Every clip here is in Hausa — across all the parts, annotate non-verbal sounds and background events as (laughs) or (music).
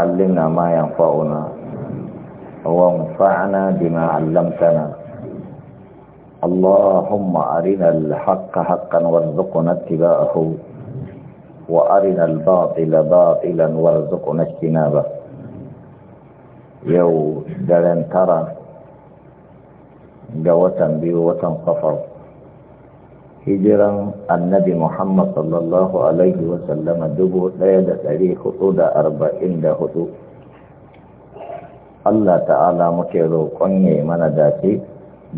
علمنا ما ينفعنا وانفعنا بما علمتنا اللهم أرنا الحق حقا وارزقنا اتباعه وأرنا الباطل باطلا وارزقنا اجتنابه يو دلن ترى جوة بيوة صفر hijiran annabi Muhammad sallallahu Alaihi wasallama dubu ɗaya da ɗari hudu da arba'in da hudu. Allah ta'ala muke roƙon ya mana dace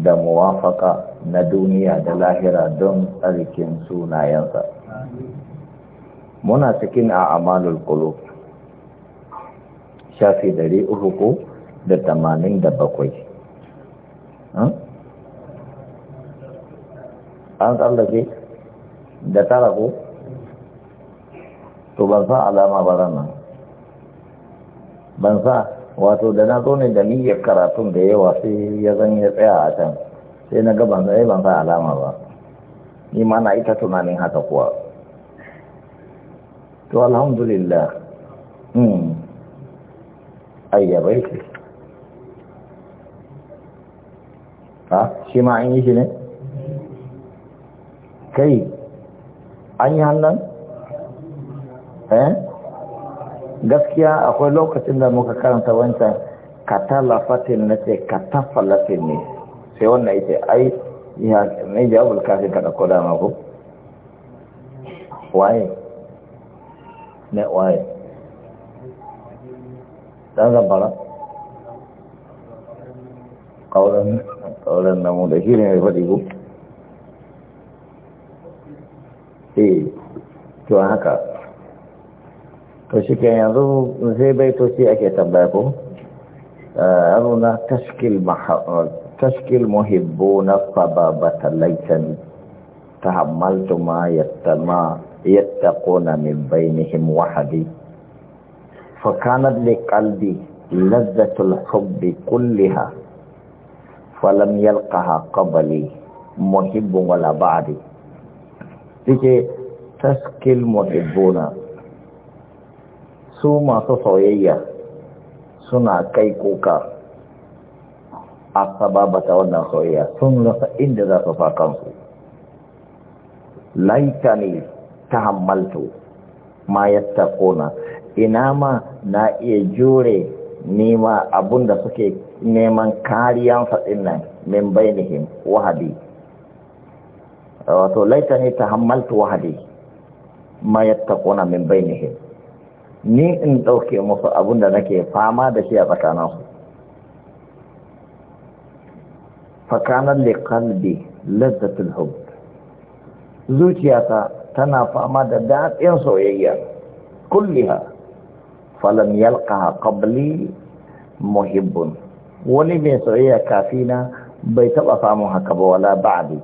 da muwafaka na duniya da lahira don tsarkin sunayensa. Muna cikin a amalul kulu, shafi ɗari uku da tamanin da bakwai. Hmm? an tsallake da tara ko to ban sa alama ba ranar ban sa wato da na zo ne da niyyar karatun da yawa sai ya zan ya tsaya a can sai na ga ban sa eh, ban sa alama ba ni ma na ita tunanin haka kuwa to alhamdulillah hmm ayyabai ha shi ma an yi shi ne kai an yi hannun? eh gaskiya akwai lokacin da muka karanta wancan katalafatin na ce katafalatin ne sai wannan ita ai ya mai jawabul kafin kada ko dama ku waye ne waye ɗan zambara ƙaunar namu da shi ne mai faɗi ku? e to haka to shi ke yanzu zai ake tambaya ko eh, tashkil na fababata laitani ta hammaltu ma yattaquna min bainihim wahadi فكانت لقلبي lazzatul hubbi كلها فلم يلقها قبلي muhibbun wala بعدي تيجي taskil muhibbuna su masu soyayya suna kai kuka a sababata wannan soyayya sun rasa inda za su fa kansu laita ne ta hammaltu ma yadda kona ina ma na iya jure nema abunda suke neman kariyan faɗin nan min bainihim wahadi wato laita ne ta hammaltu wahadi ma yattaquna min bainihim ni in dauke musu abun da nake fama da shi a tsakaninsu fa kana li qalbi ladzatul hub zuciyata tana fama da daɗin soyayya kulliha falam yalqaha qabli muhibbun wani mai soyayya kafina bai taɓa samun haka ba wala ba'di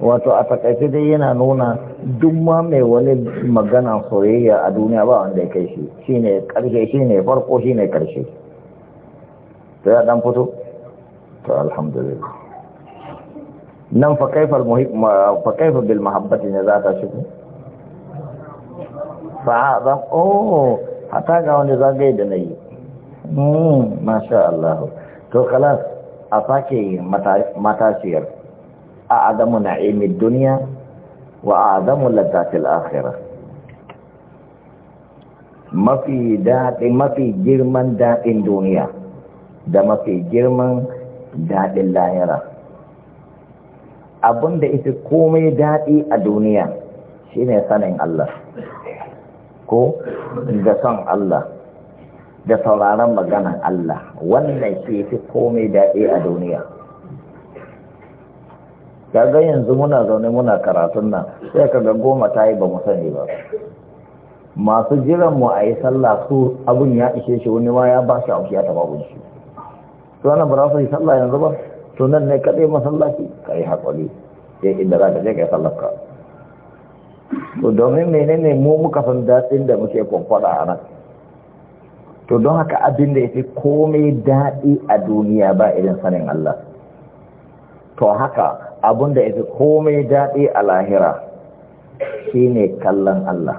wato a takaice dai yana nuna duk ma mai wani magana soyayya a duniya ba wanda ya kai shi Shi ƙarshe, karshe ne farko shi ne karshe to ya dan fito to alhamdulillah nan fa kaifa almuhib fa kaifa bil mahabbati ne za ta shigo fa zan oh hata ga wanda zagaye da nayi mm masha Allah to kalas a sake matashiyar na نعيم duniya wa a adamu lantafil في mafi ما Mafi girman daɗin duniya da mafi girman daɗin lahira Abun da ita komai daɗi a duniya shine sanin Allah ko da son Allah da sauraron maganan Allah wannan shi fi komai daɗi a duniya kaga yanzu muna zaune muna karatun nan sai kaga goma ta yi ba mu sani ba masu jiran mu a yi sallah su abun ya ishe shi wani ma ya ba shi auki ya taba shi to ana ba su yi sallah yanzu ba to nan ne kaɗai masallaci ka yi haƙuri sai inda za ka je ka yi sallah ka to domin menene mu muka san daɗin da muke kwamfada a nan to don haka abin da ya fi komai daɗi a duniya ba irin sanin Allah to haka abun da fi komai daɗi a lahira shi ne kallon Allah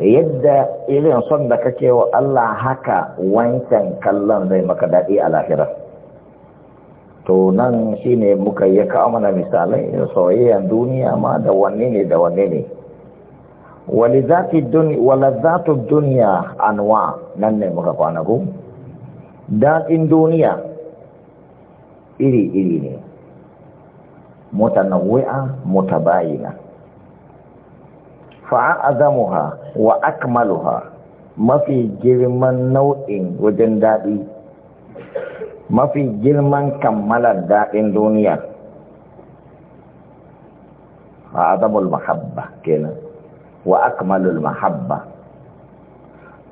yadda irin son da kake wa Allah haka wancan kallon zai maka daɗi a lahira to nan shi ne muka yi kawo mana misalai soyayyar duniya ma da wanne ne da wanne ne duniya anwa nan ne muka kwana go daɗin duniya iri-iri ne mutanawwi'a mutabayina azamuha wa akmaluha mafi girman nau'in wajen dadi mafi girman kammalar daɗin duniya azamul mahabba kenan wa akmalul mahabba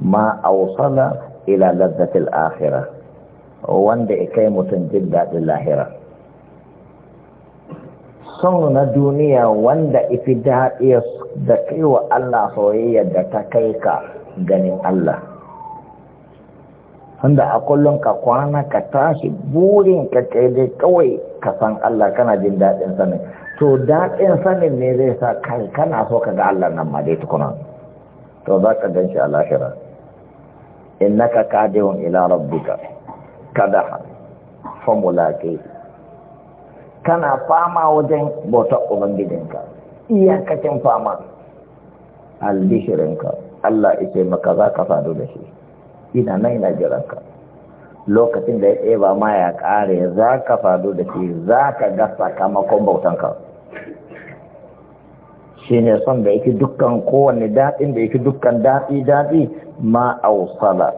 ma awsala ila ladzatil akhirah wanda ya kai mutum jin daɗin lahira son na duniya wanda ifi daɗi da kaiwa Allah soyayya da ta kai ka ganin Allah wanda a kullum ka kwana ka tashi burin ka kai dai kawai ka san Allah kana jin daɗin sanin to daɗin sanin ne zai sa kai kana so ka ga Allah nan ma dai tukuna to za ka gan shi a lahira innaka kadihun ila rabbika formula ke kana fama wajen bautar ubangijinka iyakacin fama albishirinka Allah ita maka za ka faɗo da shi ina nan ina jiranka lokacin da ya ɗeba ma ya ƙare za ka faɗo da shi za ka ga sakamakon bautanka shi ne son da yake dukkan kowane daɗin da yake dukkan daɗi daɗi ma sala,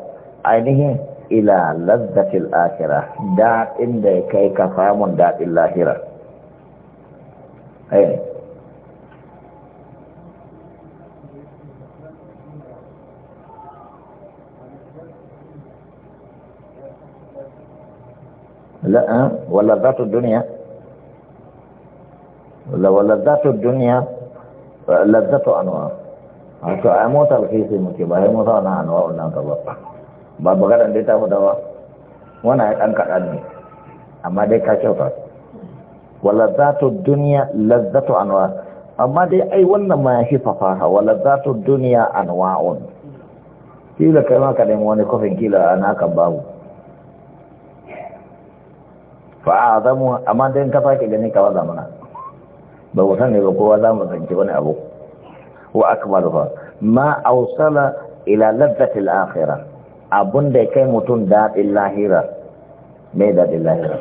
ainihin ila لذة akhirah daɗin da ya kai ka samun اي lahira لا أه؟ ولذات الدنيا ولذات الدنيا لذة أنواع أموت الخيس المكبه هي موت أنواع أنواع أنواع ba maganar da ta fada ba wani ya ɗan kaɗan ne amma dai ka kyauta wa lazzatu duniya lazzatu anwa amma dai ai wannan ma ya fi fafaha wa lazzatu duniya anwa'un kila kai ma ka nemi wani kofin kila a kan babu fa azamu amma dai ka sake gani ka zamana. ba ku san ne ba kowa za mu zanci wani abu wa akmalu ma awsala ila lazzati al-akhirah abun da kai mutum daɗin lahira mai daɗin lahira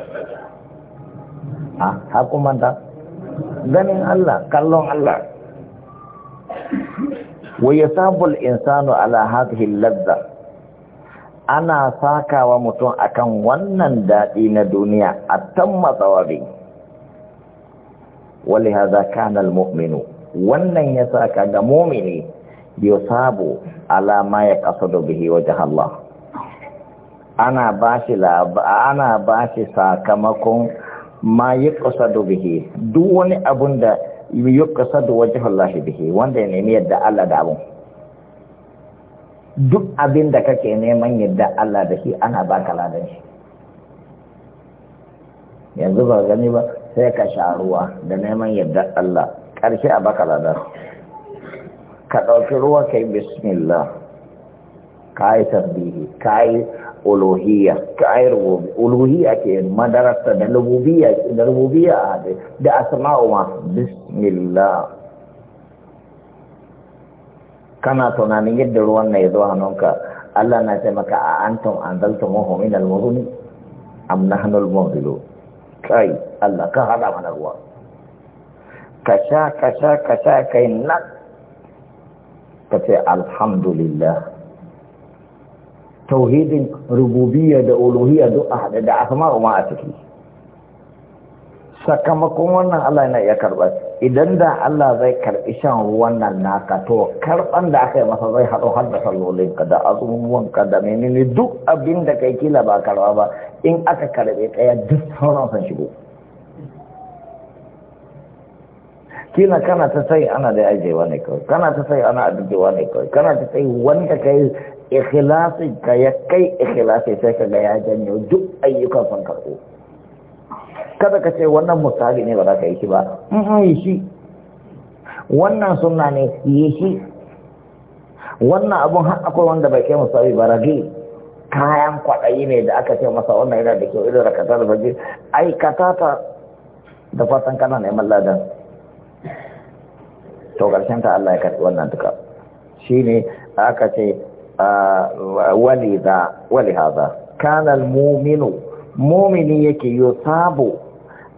a hakumanta ganin Allah kallon Allah wa yasabul insanu ala hadhihi ladda ana sakawa mutum akan wannan daɗi na duniya a tamma tsawabi wali hadha kana almu'minu wannan ya yasa ga mu'mini yusabu ala ma ya kasado bihi wajh Allah ana bashi ana sakamakon ma ya kasado bihi duk wani abun da ya kasado wajh Allah bihi wanda ya nemi yadda Allah da abun duk abin da kake neman yadda Allah da shi ana baka ladan shi yanzu ba gani ba sai ka sha ruwa da neman yadda Allah ƙarshe a baka ladan ka ɗauki ruwa kai bismillah ka yi tasbihi ka yi uluhiyya ka yi uluhiyya ke madarasa da rububiyya da rububiyya a haɗe da asma'u ma bismillah kana tunanin yadda ruwan na ya zo hannunka Allah na ce maka a antum anzaltumuhu min al-muzni am nahnu al-munzilun kai Allah ka hada mana ruwa ka sha ka sha ka sha kai nak ka ce alhamdulillah tauhidin rububiyya da uluhiyya duk a haɗe da asama ma a ciki sakamakon wannan Allah yana iya karɓa idan da Allah zai karɓi shan ruwan nan naka to karɓan da aka yi masa zai haɗo har da sallolinka da azumuwanka da menene duk abin da kai kila ba karɓa ba in aka karɓe ɗaya duk sauran san shigo. kila kana ta sai ana da ajewa ne kawai kana ta sai ana ajewa ne kawai kana ta sai wanda ka yi ikhlasi ka ya kai ikhlasi sai ka ga ya janyo duk ayyukan sun karɓo kada ka ce wannan misali ne ba za ka yi shi ba in yi shi wannan sunna ne yi shi wannan abun har akwai wanda bai kai misali ba rage kayan kwaɗayi ne da aka ce masa wannan yana da kyau idan da katar da ai katata da fatan kana neman ladan to ƙarshen ta Allah ya karɓi wannan duka shine aka ce wali za wali haza kana almu'minu mu'mini yake yusabu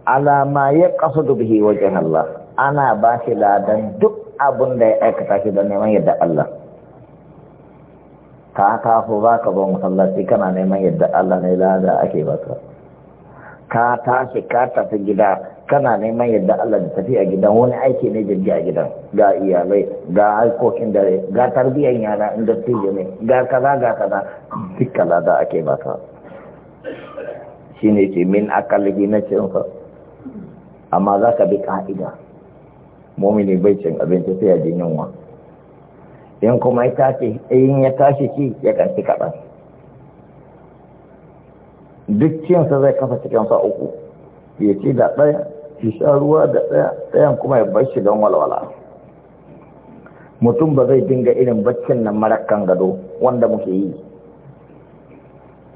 ala ya yaqsudu bihi wajen Allah ana ba shi ladan duk abin da ya aikata shi don neman yadda Allah ka taso za ka zo masallaci kana neman yadda Allah ne lada ake baka ka tashi ka tafi gida kana neman yadda Allah da tafi a gidan wani aiki ne jirgi a gidan ga iyalai ga aikokin dare ga tarbiyyar yara inda yi ne ga kaza ga kaza duka lada ake baka ne ce min akalli na cinsa amma za ka bi ka'ida momini bai cin abinci sai ya ji yunwa in kuma ya tashi in ya tashi ci ya kanci kaɗan duk cinsa zai kafa cikin sa uku ya ce da ɗaya shi sha ruwa da ɗaya ɗayan kuma ya bar shi don walwala mutum ba zai dinga irin baccin nan marakan gado wanda muke yi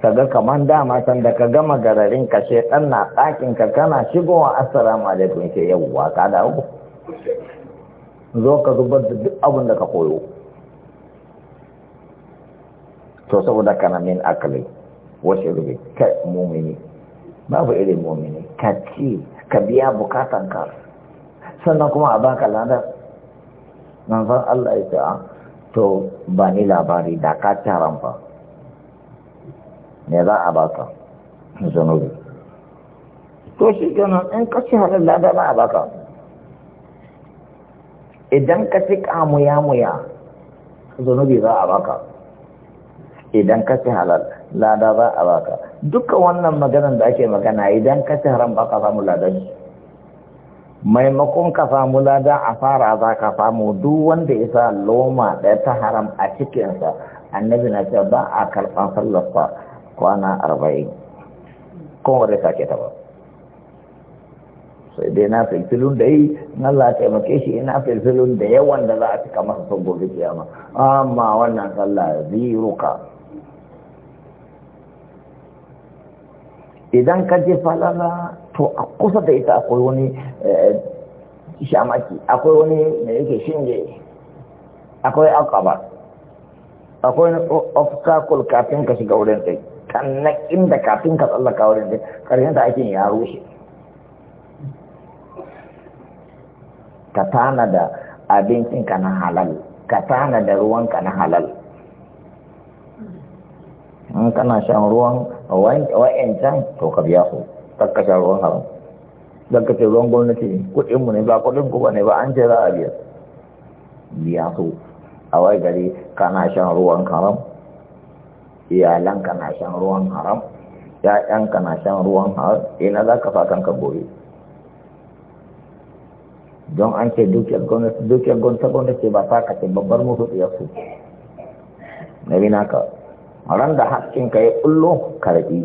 kaga kaman dama san da ka gama gararin ka ɗan na ɗakin ka kana shigowa assalamu alaikum ce yawwa ka dawo zo ka zubar da duk abin da ka koyo to saboda kana min akali wasu rubi kai mumini babu irin momini ka ci ka biya bukatan ka sannan kuma a baka ladar manzon Allah ya ce ah, to ba ni labari da ka taran fa me za a baka zunubi to shi gana in ka ci halin ladar ba a baka idan ka ci kamuya-muya zunubi za a baka idan ka ci halal lada ba a baka dukkan wannan maganar da ake magana idan ka ci haram ba ka samu ladan maimakon ka samu lada a fara za ka samu duk wanda isa loma ɗaya ta haram a cikinsa annabi na ce ba a karɓan sallarsa kwana arba'in kuma da sake ta ba sai dai na filfilun da yi na za a taimake shi ina filfilun da yawan da za a cika masa son gobe kiyama amma wannan sallah ziruka idan ka je falala to a kusa da ita akwai wani eh, shamaki akwai wani da yake shinge akwai akaba akwai obstacle kafin ka shiga wurin ɗai sannan inda kafin ka tsallaka wurin dai karshen da ake ya rushe ka tana da abincin ka na halal ka tana da ruwan ka na halal in kana shan ruwan can to ka biya su takka shan ruwan haram don ka ce ruwan gwamnati ne kuɗinmu ne ba kuɗin ku ba ne ba an ce za a biya biya su a wai gari kana shan ruwan haram iyalan kana shan ruwan haram ya'yan kana shan ruwan haram ina za ka fatan ka gobe don an ce dukiyar gwamnati dukiyar gwamnati ba ta kace babbar mutu su na bi ran da haƙƙinka ya kullo karbi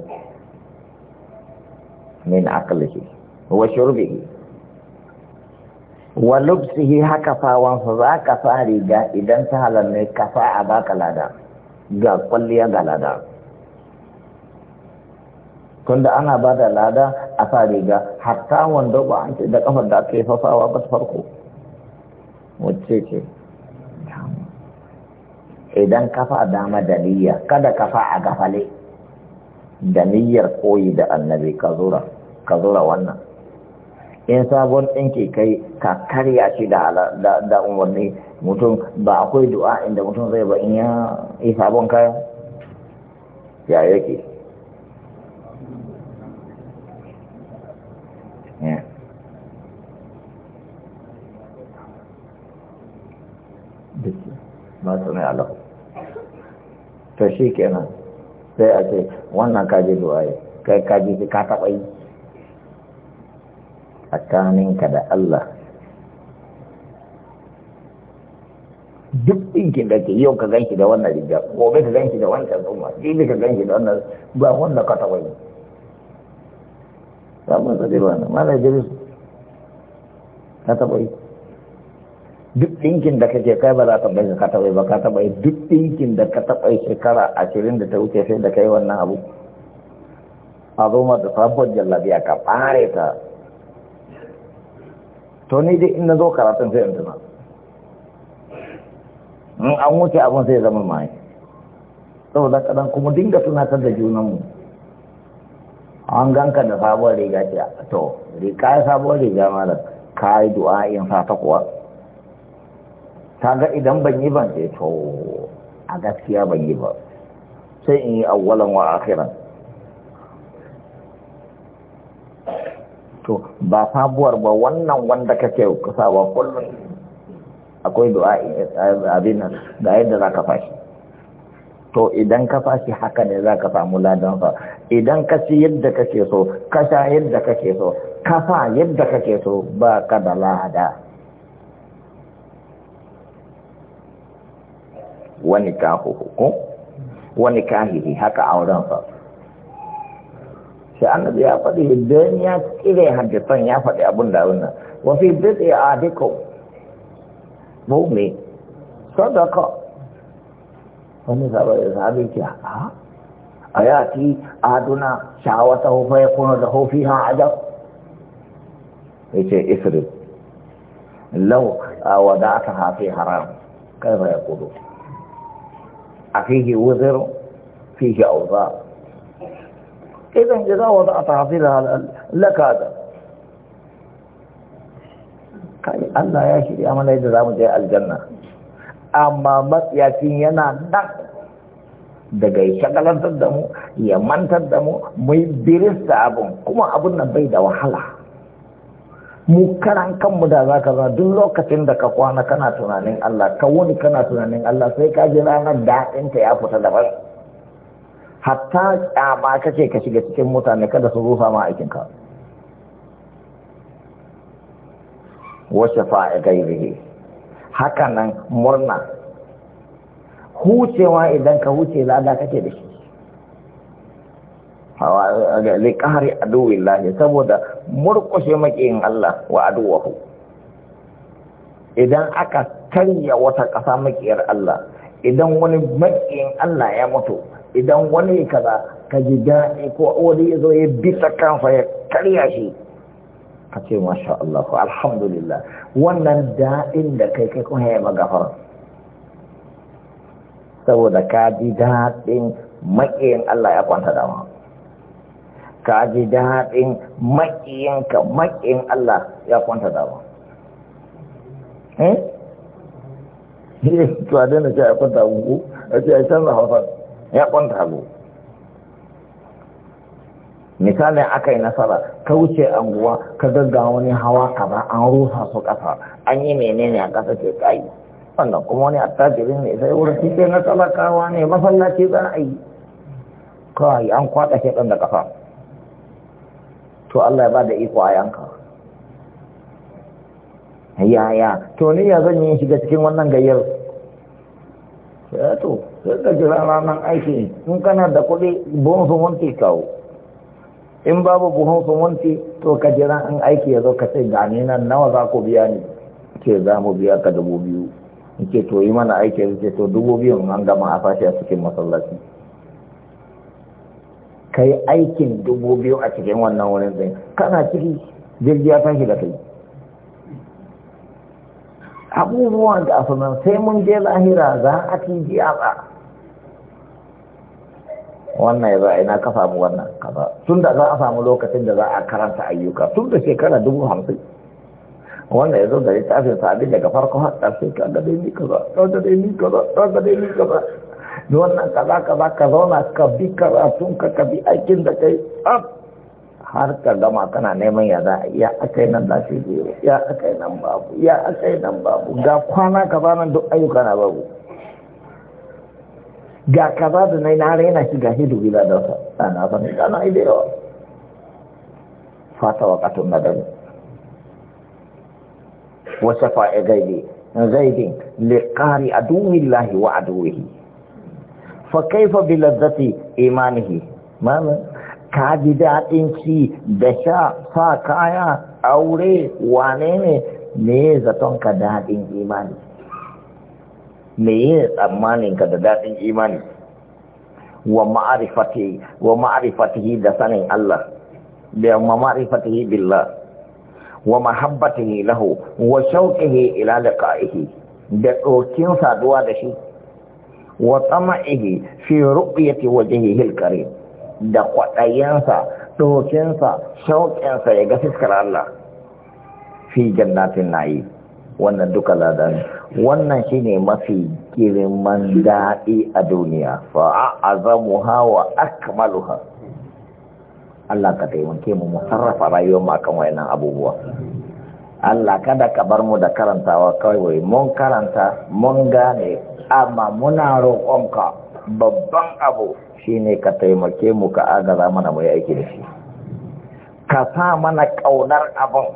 min aqlihi wa shurbihi wa lubsihi haka fawansa za ka fa riga idan ta halar ne ka fa a baka lada ga kwalliya ga lada tunda ana ba da lada a sa riga hatta wanda ba an ce da kafar da ake yi ba ta farko wacce ce idan kafa dama da niyya kada kafa a fale, da niyyar koyi da annabi ka zura wannan in sabon ɗinki kai ka karya shi da umarni mutum ba akwai du'a inda mutum zai ba in ya yi sabon kayan ya yake ma sami alahu ta shi kenan sai a ce wannan kaji duwaye kai kaji ka taɓa yi tsakaninka da Allah duk ɗinkin da ke yau ka ganki da wannan riga gobe ka ganki da wancan tsumma jibi ka ganki da wannan ba wanda ka taɓa yi samun sa na mana jiris ka taɓa yi duk ɗinkin da kake kai ba za ka bai ka taɓa ba ka taɓa duk ɗinkin da ka taɓa shekara ashirin da ta wuce sai da kai wannan abu a zo ma da sabon jallabiya ka ɓare ta to ni dai in na zo karatun sai in tuna in an wuce abin sai zama mai saboda kaɗan kuma dinga tunatar da junanmu an ganka da sabon riga ce to riga sabon riga da, ka yi du'a in sa ta kuwa kaga idan ban yi ban ce eh to a gaskiya ban yi ba sai in yi awwalan wa akhiran to ba sabuwar ba wannan wanda kake ba kullum akwai du'a abin ga yadda za ka fashi to idan ka fashi haka ne za ka samu ladansa idan ka ci yadda kake so ka sha yadda kake so ka sa yadda kake so ba ka da lada wani kahuhu ko wani kahihi haka auren sa sai annabi ya faɗi idan ya tsire hadisan ya faɗi abin da wannan wafi bid'i adikum mu'min sadaka wani sahabi ce a a yati aduna shawata hufa ya kuna da hufi ha ajab ya ce isri lau a wadata hafi haram kai ba ya kudu فيه وزر فيه أوضاع إذا إذا وضعت عظيلها لك هذا قال أنا يا شيء أما ليس دام جاء الجنة أما مت يكين ينا دق دقي شكلا تدمو يمن تدمو مي برس أبو كما أبونا بيدا وحلا mu karan kanmu da za ka duk lokacin da ka kwana kana tunanin Allah ka wuni kana tunanin Allah sai ka ji ranar daɗinta ya fita daban hatta ƙyama kake ka shiga cikin mutane kada su rufa ma aikinka wasu fa'i gairihi haka nan murna hucewa idan ka huce lada kake da shi liƙari lahi saboda murƙushe maƙiyin Allah wa aduwahu idan aka karya wata ƙasa maƙiyar Allah idan wani maƙiyin Allah ya mutu idan wani kaza ka ji daɗi ko wani ya zo ya bisa kansa ya karya shi ka ce masha Allah alhamdulillah wannan daɗin da kai kai kuma ya magafar saboda ka ji daɗin maƙiyin Allah ya kwanta dama ka ji daɗin maƙiyanka maƙiyin Allah ya kwanta dama eh to a daina ce ya kwanta abu a ce ya canza hausa ya kwanta abu misalin aka yi nasara ka wuce anguwa ka gaggawa wani hawa kaza an rusa su ƙasa an yi menene a ƙasa ce kayi wannan kuma wani attajirin ne sai wurin shi na talakawa ne masallaci za a yi kawai an kwaɗa ɗan da ƙasa to Allah ya ba da iko a yanka yaya to ni ya zan yi shiga cikin wannan gayyar to sai ka jira ranar aiki in kana da kuɗi buhun sumunti kawo in babu buhun sumunti to ka jira in aiki ya zo ka ce gani nan nawa za ku biya ni ke za mu biya ka dubu biyu in to yi mana aiki ya ce to dubu biyun an gama a fashi a cikin masallaci ka yi aikin dubu biyu a cikin wannan wurin zai kana ciki jirgiya ta shiga kai abubuwan da asanan sai mun je lahira za a tiji a ba wannan ya za a ina ka samu wannan kaza tun da za a samu lokacin da za a karanta ayyuka tun da shekara dubu hamsin wanda ya zo da littafin sabi daga farko har ƙarshe ka ga dai ni kaza ka ga dai ni kaza ka ga dai ni kaza da wannan kaza kaza ka zauna ka bi karatun ka ka bi aikin da kai tsaf har ka gama kana neman ya za ya akai nan za shi biyu ya akai nan babu ya akai nan babu ga kwana ba nan duk ayyuka na babu ga kaza da na na raina shi ga hidu gida da wata ɗana sani ɗana ide yawa fata wa katon na dami wasa fa'a gaidi a liƙari Lahi, wa a duwi. fakaifa kaifa bi ladzati imanihi mamin ka ji daɗin ci da sha sa kaya aure wane ne me zaton ka daɗin imani me yi tsammanin ka da daɗin imani wa ma'arifatihi wa ma'arifatihi da sanin Allah da ma ma'arifatihi billah wa mahabbatihi lahu wa shauqihi ila liqa'ihi da ɗokin saduwa da shi wa tsama'ihi fi ru'yati wajhihi al-karim da kwaɗayensa ɗokinsa, shauƙinsa ya ga fiskar Allah fi jannatin nayi wannan duka ladan wannan shine mafi girman daɗi a duniya fa azamuha wa akmaluha Allah ka taimake mu mu sarrafa rayuwar mu akan wayannan abubuwa Allah kada ka bar mu da karantawa kawai mun karanta mun gane amma muna roƙonka babban abu shine ka taimake mu ka agaza mana mu yi aiki da shi ka sa mana ƙaunar abin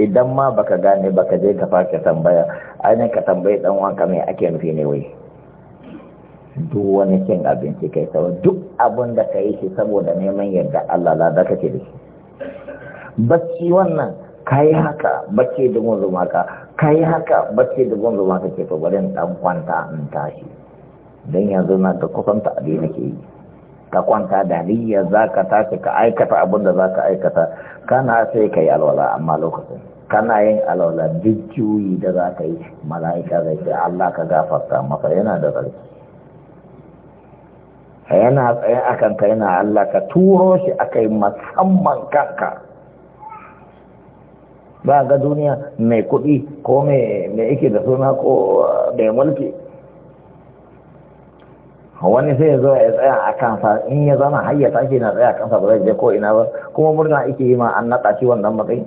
idan ma baka gane baka je ka fake tambaya ainihin ka tambayi dan wanka mai ake nufi ne wai duk wani cin abinci kai sawa duk abin da ka yi shi saboda neman yadda Allah lada kake da shi bacci wannan kayi haka bacci da gunzuma ka kayi haka bacci da gunzuma ka ce to bari dan kwanta in tashi dan yanzu na da kusan ta abi nake yi ka kwanta da za zaka tashi ka aikata abin da za ka aikata kana sai kai alwala amma lokacin kana yin alwala duk da za ka yi mala'ika zai ce Allah ka gafarta masa yana da tsarki yana tsaye akan ka yana Allah ka turo shi aka yi musamman kanka ba ga duniya mai kuɗi ko mai yake da suna ko eh, mai mulki wani sai zo ya tsaya a kansa in ya zama hayyata shi na tsaya a kansa ba zai je ko ina ba kuma murna ake yi ma an naɗa shi wannan matsayi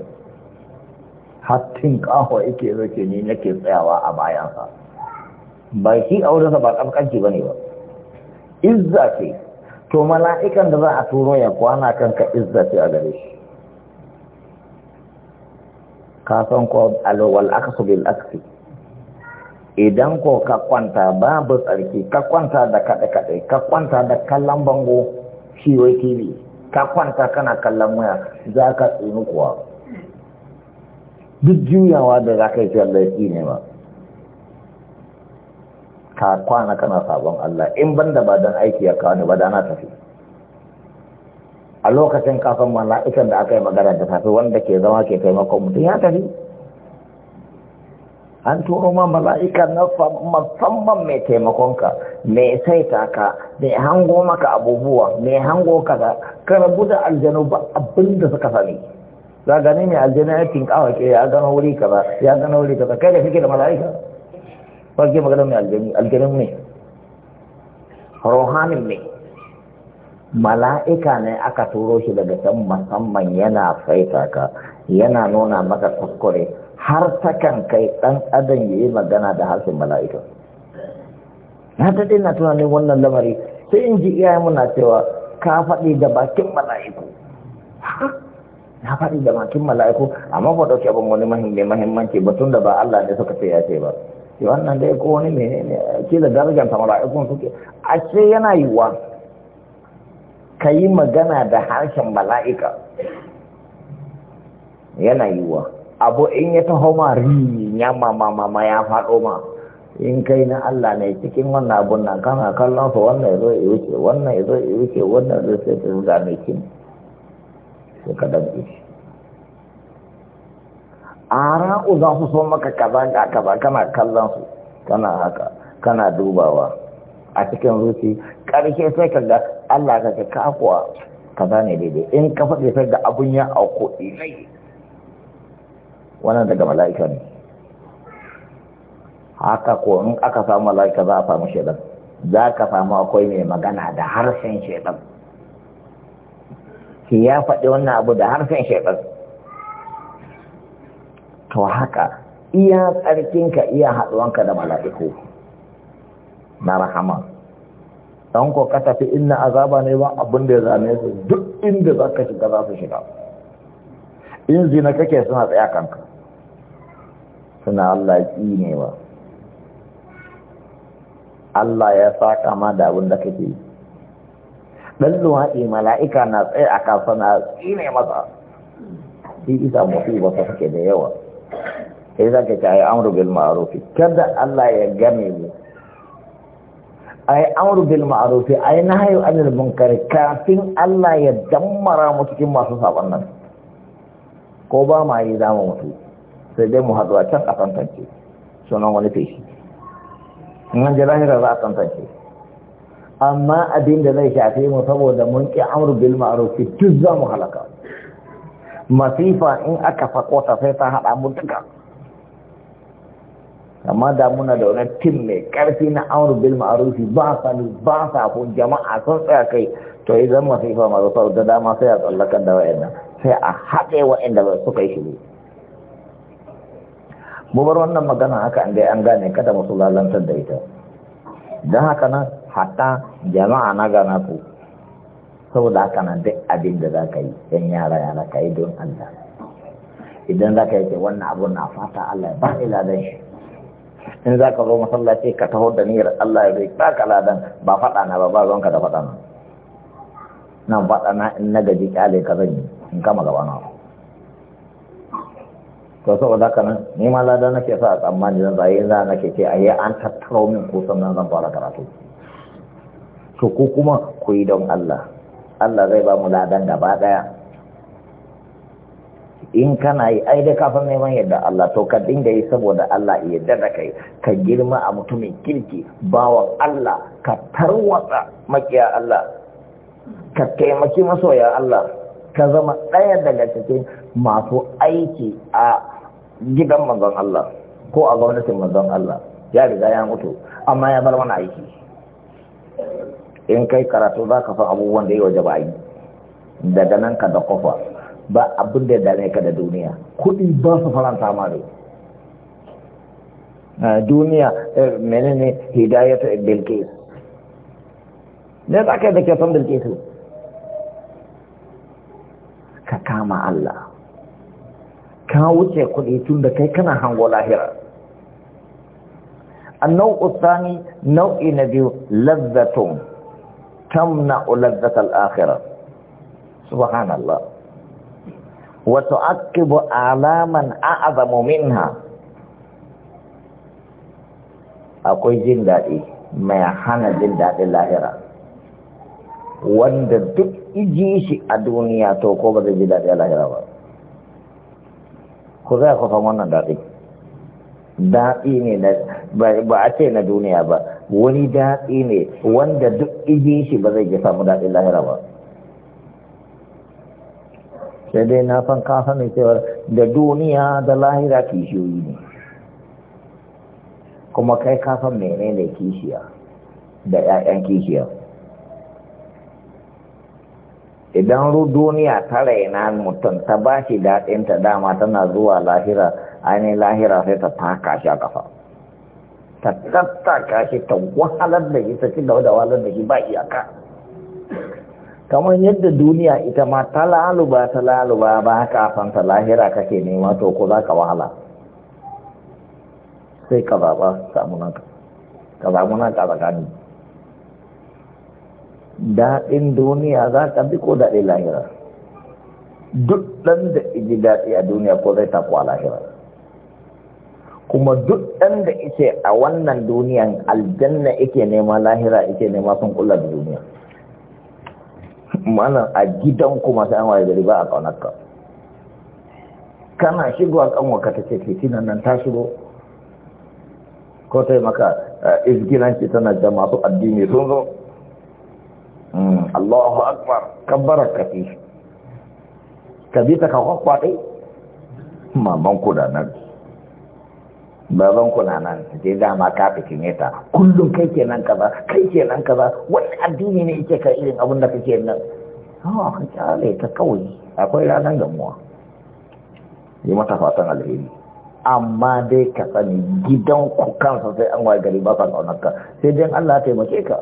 hattin ƙaho ike zo ke ni nake tsayawa a bayansa ba shi a wurinsa ba ƙasƙanci ba ne ba izza ce to mala'ikan da za a turo ya kwana kanka izza a gare shi ka san ko alwal aksu bil aksi idan ko ka kwanta babu tsarki ka kwanta da kaɗe kaɗe ka kwanta da kallon bango kiwai tv ka kwanta kana kallon waya za ka tsinu kuwa duk juyawa da za ka yi ciyar laifi ne ba ka kwana kana sabon Allah in banda ba don aiki ya kawo ne ba da na tafi a lokacin kafin mala'ikan da aka yi magana da tafi wanda ke zama ke taimakon mutum ya tafi an turo ma mala'ika na musamman mai taimakonka mai saita ka mai hango maka abubuwa mai hango kaza ka rabu da aljanu ba abin da suka sani za gani mai aljanu ya kawo ke ya gano wuri kaza ya gano wuri kaza kai da kake da mala'ika ba ke magana mai aljanu aljanu ne rohanin ne mala'ika ne aka turo shi daga can musamman yana saita ka yana nuna maka kuskure har kan kai ɗan adam ya yi magana da harshen mala'ika na ta na tunanin wannan lamari sai in ji iyayen muna cewa ka faɗi da bakin mala'iku na faɗi da bakin mala'iku amma ba ɗauki abin wani mahimmanci ba tun da ba Allah ne suka ce ya ce ba wannan dai ko wani ke da darajar mala'ikun suke ce yana yiwuwa ka yi magana da harshen mala'ika yana yiwuwa abu in ya taho ma ya mama mama ya faɗo ma in kai na Allah ne cikin wannan abun nan kana kallon su wannan ya zo ya wuce wannan ya zo ya wuce wannan zo sai ta zuga mai kin sai ka danke a ra'u za su so maka kaza ga kaza kana kallon su kana haka kana dubawa a cikin zuci ƙarshe sai ka ga Allah ka ga kafuwa ka zane daidai in ka faɗi sai ga abun ya auko ilai wannan daga mala'ika ne haka ko in aka samu mala'ika za a samu shaidan za ka samu akwai mai magana da harshen shaidan ki ya faɗi wannan abu da harshen shaidan to haka iya tsarkinka iya haɗuwanka da mala'iku na rahama don ko ka tafi inna azaba ne ba abin da ya zane su duk inda za ka shiga za su shiga in zina kake suna tsaya kanka suna Allah ƙi ne ba Allah ya sa kama da abin da kake yi ɗan luwaɗi mala'ika na tsaye a kafa na ƙi ne masa shi isa mafi wata suke da yawa sai zaka ka a yi amurbil ma'arufi kada Allah ya game mu ai amru bil ma'ruf ai hayo anil munkar kafin Allah ya dammara mu cikin masu saban nan ko ba ma yi za mu mutu sai dai mu hadu a can a tantance sunan wani feshi nan an ji lahira za a tantance amma abin da zai shafe mu saboda mun ƙi amru bil ma'ruf duk za mu halaka masifa in aka fako sai ta haɗa mu duka amma da muna da wani tim mai karfi na amur bil ma'arufi ba sa ni ba sa kun jama'a sun tsaya kai to idan masu ifa masu faru da dama sai a tsallakan da nan sai a haɗe wa'yan ba suka yi shiru mu bar wannan magana haka an dai an gane kada musu lalantar da ita don haka nan hatta jama'a na gana ku saboda haka nan duk abin da za ka yi yan yara yara ka yi don Allah idan za ka yi wannan abu na fata Allah ba ni ladan shi in za ka zo masallaci ka taho da niyyar Allah ya bai ka ladan ba faɗa na ba ba zonka da faɗa na nan faɗa na in na gaji kyale ka zan yi in kama gaba na to so da nan ni ma ladan nake sa a tsammani zan zai za nake ce a yi an tattaro min ko sannan zan fara karatu to ko kuma ku yi don Allah Allah zai ba mu ladan gaba daya in kana yi ai da kafin neman yadda Allah to ka dinga yi saboda Allah ya yarda da kai ka girma a mutumin kirki bawan Allah ka tarwatsa makiya Allah ka taimaki masoya Allah ka zama ɗaya daga cikin masu aiki a gidan manzon Allah ko a gwamnatin manzon Allah ya riga ya mutu amma ya bar mana aiki in kai karatu za ka san abubuwan da ya waje ba yi daga nan ka da kofa ba abin da dame ka da duniya kudi ba su faranta ma duniya menene hidayatu bilkis ne za ka da ke kyautan bilkisu ka kama Allah ka wuce kudi tun da kai kana hango lahira النوع الثاني نوع نبي لذة تمنع لذة الآخرة سبحان الله wa tu'aqqibu alaman a'zamu minha akwai jin daɗi mai hana jin daɗin lahira wanda duk iji shi a duniya to ko ba zai ji daɗi a lahira ba ku zai kwafan wannan daɗi daɗi ne na ba a ce na duniya ba wani daɗi ne wanda duk iji shi ba zai ji samu daɗin lahira ba sai dai na san ka sani cewa da duniya da lahira kishiyoyi ne kuma kai ka menene kishiya da 'ya'yan kishiya idan ru duniya ta raina mutum ta ba shi daɗinta dama tana zuwa lahira ainihin lahira sai ta taka shi a ƙafa ta tattaka shi ta wahalar da shi ta ci gaba da wahalar da shi ba iyaka kamar yadda duniya ita ma ta laluba ta laluba ba haka fanta lahira kake nema to ko za ka wahala sai ka zaɓa samunanka ka samunanka tsakani daɗin duniya za ka bi ko daɗin lahira duk ɗan da iji daɗi a duniya ko zai takwa lahira kuma duk ɗan da ice a wannan duniyan aljanna ike nema lahira ike nema sun kula da duniya malam a gidan kuma sai an waye gari ba a kaunar ka kana shigowa kan waka ta ce fitinan nan ta shigo ko ta yi maka eh, izginanci tana da masu addini sun zo hmm, Allahu akbar kabbara ka fi ka bi ta ka kwakwaɗe na kudanar baban kula nan da dama ka ne ta kullum kai kenan kaza kai kenan kaza wani addini ne yake ka irin abin da kake nan ha ka kyale ta kawai akwai ranar gamuwa yi mata fatan alheri amma dai ka sani gidan ku kansa sai an waye gari ba ka kaunarka sai dai Allah ya taimake ka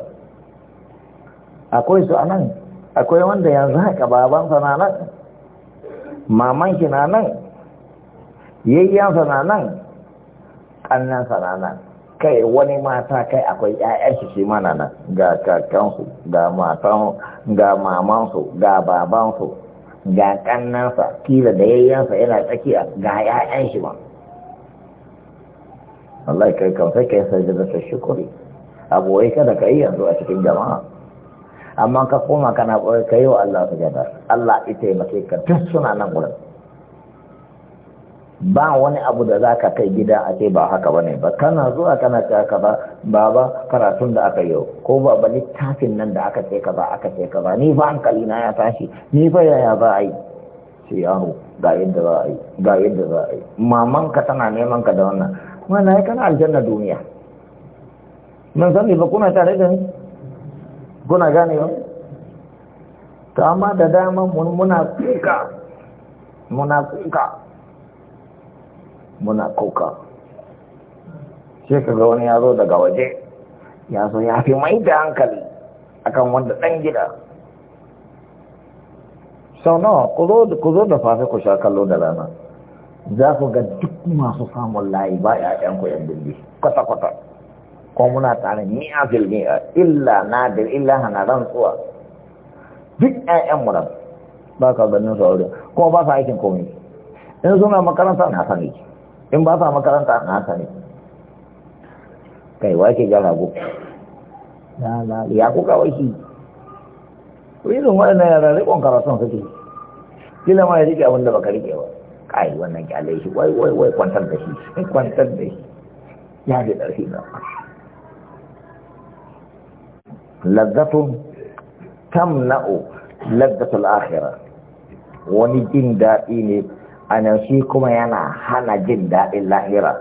akwai su anan akwai wanda yanzu haka babansa na nan mamanki na nan yayyansa na nan kannan sanana kai wani mata kai akwai ƴaƴan shi shi mana nan ga kakansu ga matan ga mamansu ga babansu ga sa kila da yayyansa yana tsakiya ga ƴaƴan shi ma Allah kai kan sai kai sai da shukuri abu wai kada kai yanzu a cikin jama'a amma ka koma kana ka kai wa Allah sujada Allah ita ya mace ka duk suna nan gurin ba wani abu da za ka kai gida a ce ba haka ba ne ba kana zuwa kana ce haka ba baba karatun da aka yi ko ba littafin nan da aka ce ka ba aka ce ka ba ni ba hankali na ya tashi ni ba yaya za a yi ce yaro ga yadda za a yi ga yadda za a yi maman ka tana neman ka da wannan wannan ya kana aljanna duniya mun sani ba kuna tare da ni kuna gane ba to amma da dama muna kuka muna kuka muna kuka sai ka ga wani ya zo daga waje ya zo ya fi mai da hankali akan wanda ɗan gida sau nawa ku zo da fafi ku sha kallo da rana za ku ga duk masu samun layi ba ku ‘yan dindi kwata-kwata ko muna tare ni a filmi a illa da illa hana rantsuwa duk ‘ya'yan mu ba ka ganin sauri, kuma ba sa aikin komai in suna makaranta na sani in ba sa makaranta na haka ne kai ke ga rago ya kuka waki irin waɗannan yara rikon karatun suke kila ma ya rike abin da baka rike ba kai wannan kyale shi wai wai wai kwantar da shi (laughs) kwantar da shi ya fi ɗarfi na lazzatun tamna'u lazzatul akhirah wani jin daɗi ne anan shi kuma yana hana jin daɗin lahira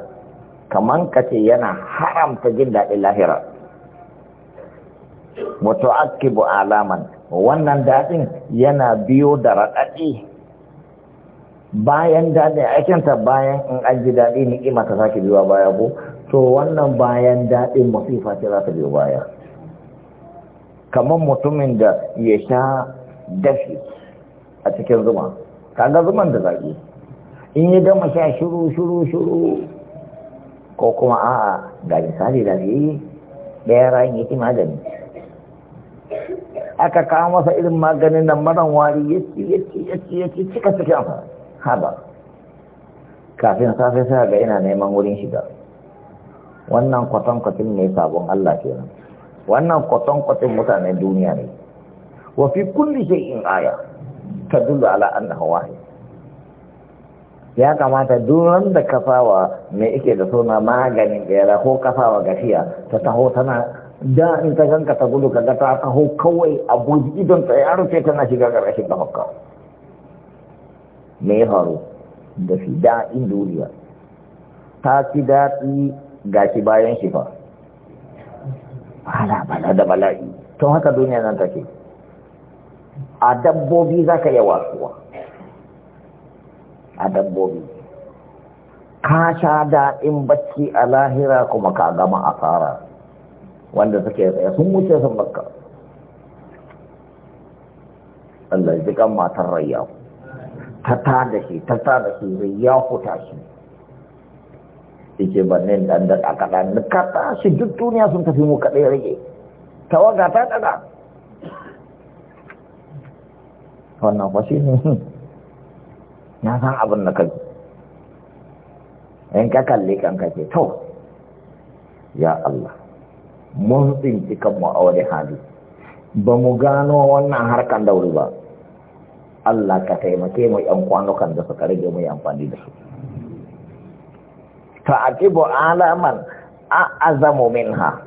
kaman ka ce yana haramta jin daɗin lahira Wato bu alaman wannan daɗin yana biyo da raɗaɗi bayan daɗin aikinta bayan in an ji daɗi ni'ima ta sake biyo baya ko to wannan bayan daɗin masifa ce za ta biyo baya kamar mutumin da ya sha dafi a cikin zuma kaga zuman da zaƙi in ya gama sa shuru shuru shuru ko kuma a'a ga misali da ne ɗaya rayin yake magani aka kawo masa irin maganin da maran wari ya ci ya ci ya ci ya ci cika cikin haɗa kafin safe sa ga ina neman wurin shiga wannan kwatin ne sabon Allah ke nan, wannan kwatin mutanen duniya ne wa fi kulli shay'in aya tadullu ala annahu wahid ya kamata duran da kafawa me ike da suna maganin bera ko kafawa gafiya ta taho tana da in ta ganka ta gudu kaga ta taho kawai a buji idon ta ya rufe tana shiga da kafarka me ya faru da fi daɗin duniya ta fi daɗi ga shi bayan shi fa bala bala da bala'i To haka duniya nan take a dabbobi za ka iya wasuwa a dabbobi ka sha daɗin bacci a lahira kuma ka gama asara wanda suke tsaye sun wuce sun bakka Allah ya jikan matar rayyaku ta ta da shi ta ta da shi rayyaku ta shi yake banne dan da kaɗan ka shi duk duniya sun tafi mu kaɗai rage tawaga ta ɗaga wannan fashi ne na san abin da kai in ka kalle kan ka ce to ya Allah mun tsinci kanmu a wani hali ba mu gano wannan harkan da wuri ba Allah ka taimake mu yan kwanukan da suka rage mu amfani da su Ta bo alaman a azamu minha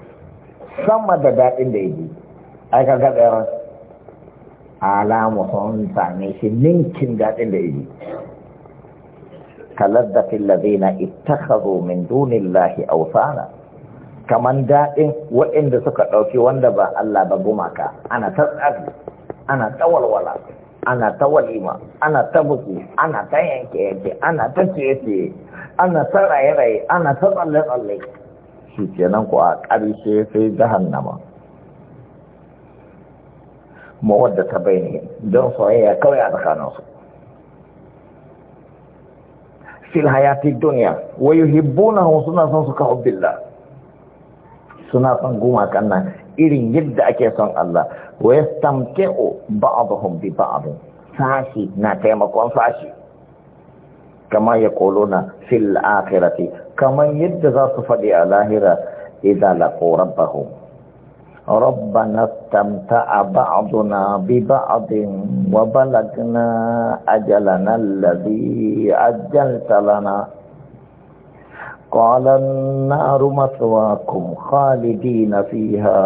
sama da dadin da yake ai kaga tsayar alamu sun same shi ninkin daɗin da yi kaladdafin lazina ittakhadhu min dunillahi awsana kaman daɗin waɗanda suka ɗauki wanda ba Allah ba gumaka ana ta tsari ana ta walwala ana ta walima ana ta buki ana ta yanke yanke ana ta ciye ana ta raye raye ana ta tsalle tsalle shi kenan ko a ƙarshe sai jahannama mawadda ta baini don soyayya kawai a tsakaninsu fil hayati duniya wa yuhibbunahu suna son su ka hubbillah suna son gumakan nan irin yadda ake son Allah wa yastamti'u ba'dhum bi ba'd sashi na taimakon sashi kama ya kolona fil akhirati kaman yadda za su faɗi a lahira idza laqu rabbahum ربنا استمتع بعضنا ببعض وبلغنا أجلنا الذي أجلت لنا قال النار مثواكم خالدين فيها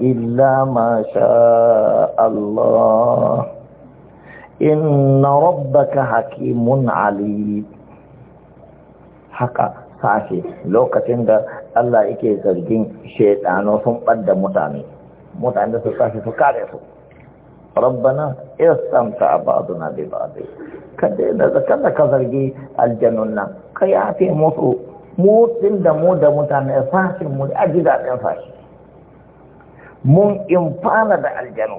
إلا ما شاء الله إن ربك حكيم عليم حقا sashe لو كتندا Allah yake zargin shaidano sun ɓadda mutane mutane su tashi su kare su rabbana istamta ba'duna bi ba'd kada da zakar da ka zargi aljannun nan ka yafe musu mu da mu da mutane sashin mu aji daɗin fashi. mun infana da aljanu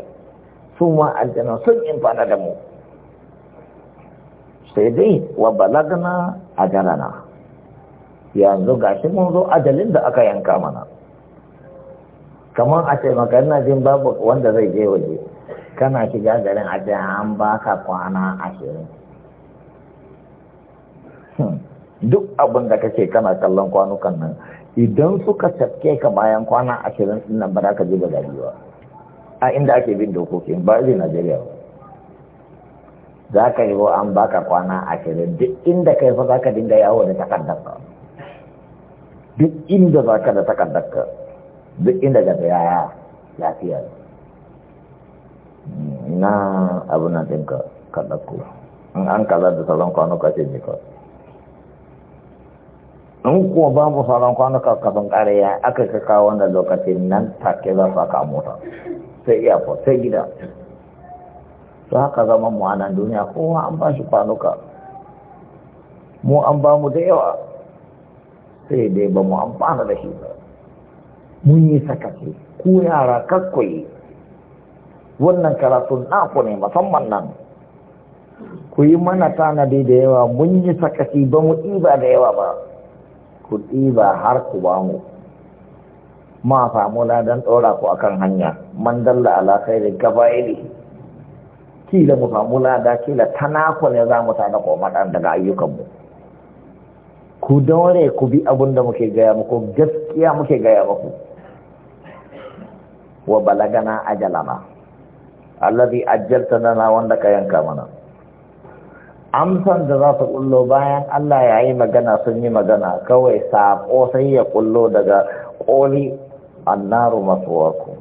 su ma aljanu sun infana da mu sai dai wa balagna ajalana yanzu ga shi mun zo ajalin da aka yanka mana kamar a ce maka jin babu wanda zai je waje kana shiga garin a an baka kwana ashirin hmm. duk abin da kake kana kallon kwanukan nan idan suka tafke ka bayan kwana ashirin nan ba za ka je ba ba a inda ake bin dokokin ba zai najeriya ba za ka yi an baka kwana ashirin duk inda kai fa za ka dinga yawo da takardar ba duk inda za ka da takardarka duk inda ga da yaya lafiya na abu na ɗinka ka ɗauko in an kaza da sauran kwanuka ce ne kawai in kuwa mu sauran kwanuka kafin ƙariya aka ka kawo wannan lokaci nan take za su haka mota sai iya ko sai gida su haka zama mu a nan duniya kowa an ba shi kwanuka mu an ba mu da yawa sai dai ba mu amfana da shi ba mun yi sakaci ku yara kakkoyi wannan karatun naku ne musamman nan ku yi mana tanadi da yawa mun yi sakaci ba mu ɗiba da yawa ba ku ɗiba har ku ba mu ma samu ladan ɗora ku akan hanya man dalla ala gaba gabaili kila mu samu lada kila ta naku ne za mu tana komaɗan daga ayyukanmu ku daure ku bi abin da muke gaya muku gaskiya muke gaya muku wa balagana ajalana allazi ajjalta na wanda ka yanka mana amsan da za su kullo bayan Allah ya yi magana sun yi magana kawai saƙo sai ya kullo daga ƙoli annaru masuwarku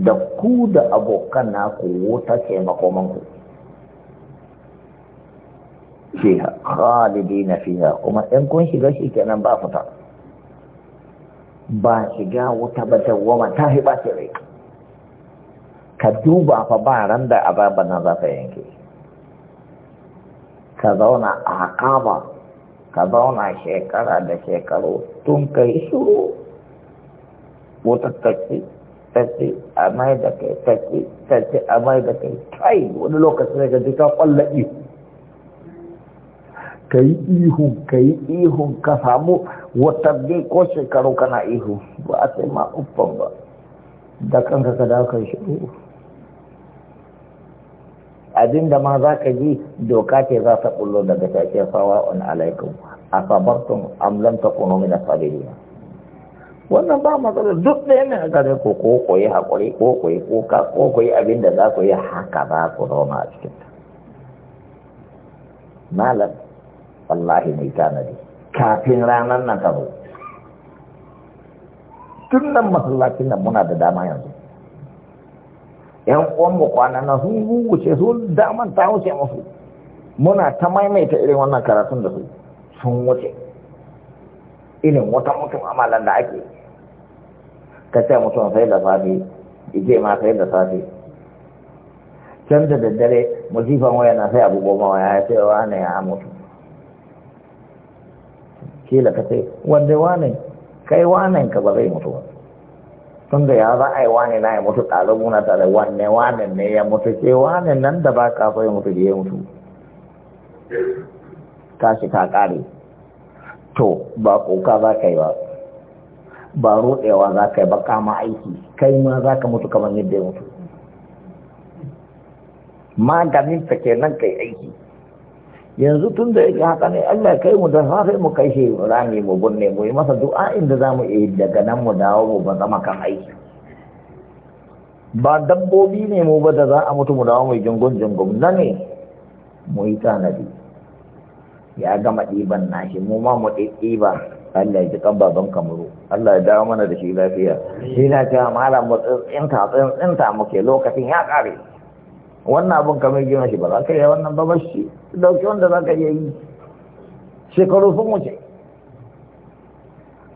da ku da abokan naku wuta ce makomanku fiha khalidina fiha kuma in kun shiga shi kenan ba fita ba shiga wuta ba dawwama ta hiba ce rai ka duba fa ba ran da azaban nan za ta yanke ka zauna a kaba ka zauna shekara da shekaru tun kai shuru wutar tafi tafi a mai da kai tafi tafi a mai da kai kai wani lokacin da ka ji ka ka yi ihu ka yi ihu ka samu watanni ko shekaru kana ihu ba a sai ma ba da kanka ka dawo shi shiru abin da ma za ka ji doka ce za ta bullo daga take fawa on alaikum a sabartum amlanta lam takunu min wannan ba matsala duk da yana gare ko ko koyi hakuri ko koyi kuka ko koyi abinda za ku yi haka ba ku roma a cikin malam wallahi mai tanadi kafin ranar nan ta zo tun nan masallacin nan muna da dama yanzu yan uwanmu kwanan nan sun wuce sun daman ta wuce musu muna ta maimaita irin wannan karatun da su sun wuce irin wata mutum amalan da ake ka ce mutum sai da safe ije ma sai da safe can da daddare musifan waya na sai abubuwan waya ya ce wa ne ya mutu kila ka ce wanda wane kai wanen ka ba zai mutu ba tun da ya za a yi wane na ya mutu ɗalibu muna tare wanne wanen ne ya mutu ce wanen nan da ba ka ya mutu ya mutu shi ta ƙare to ba kuka za ka yi ba ba ruɗewa za ka yi ba kama aiki kai ma za ka mutu kamar yadda ya mutu maganin ta kenan kai aiki yanzu tun da yake haka ne Allah ya kai mu da safe mu kai shi rami mu binne mu yi masa du'a inda za mu yi daga nan mu dawo mu ba zama kan aiki ba dabbobi ne mu ba da za a mutu mu dawo mu jingon jingon na ne mu yi tanadi ya gama ɗiban nashi mu ma mu ɗiba Allah ya ji kan baban kamaru Allah ya dawo mana da shi lafiya shi cewa malam mu tsinta tsinta muke lokacin ya ƙare wannan abun kamar gina shi ba za ka yi wannan ba ba shi dauki wanda za ka iya yi shekaru sun wuce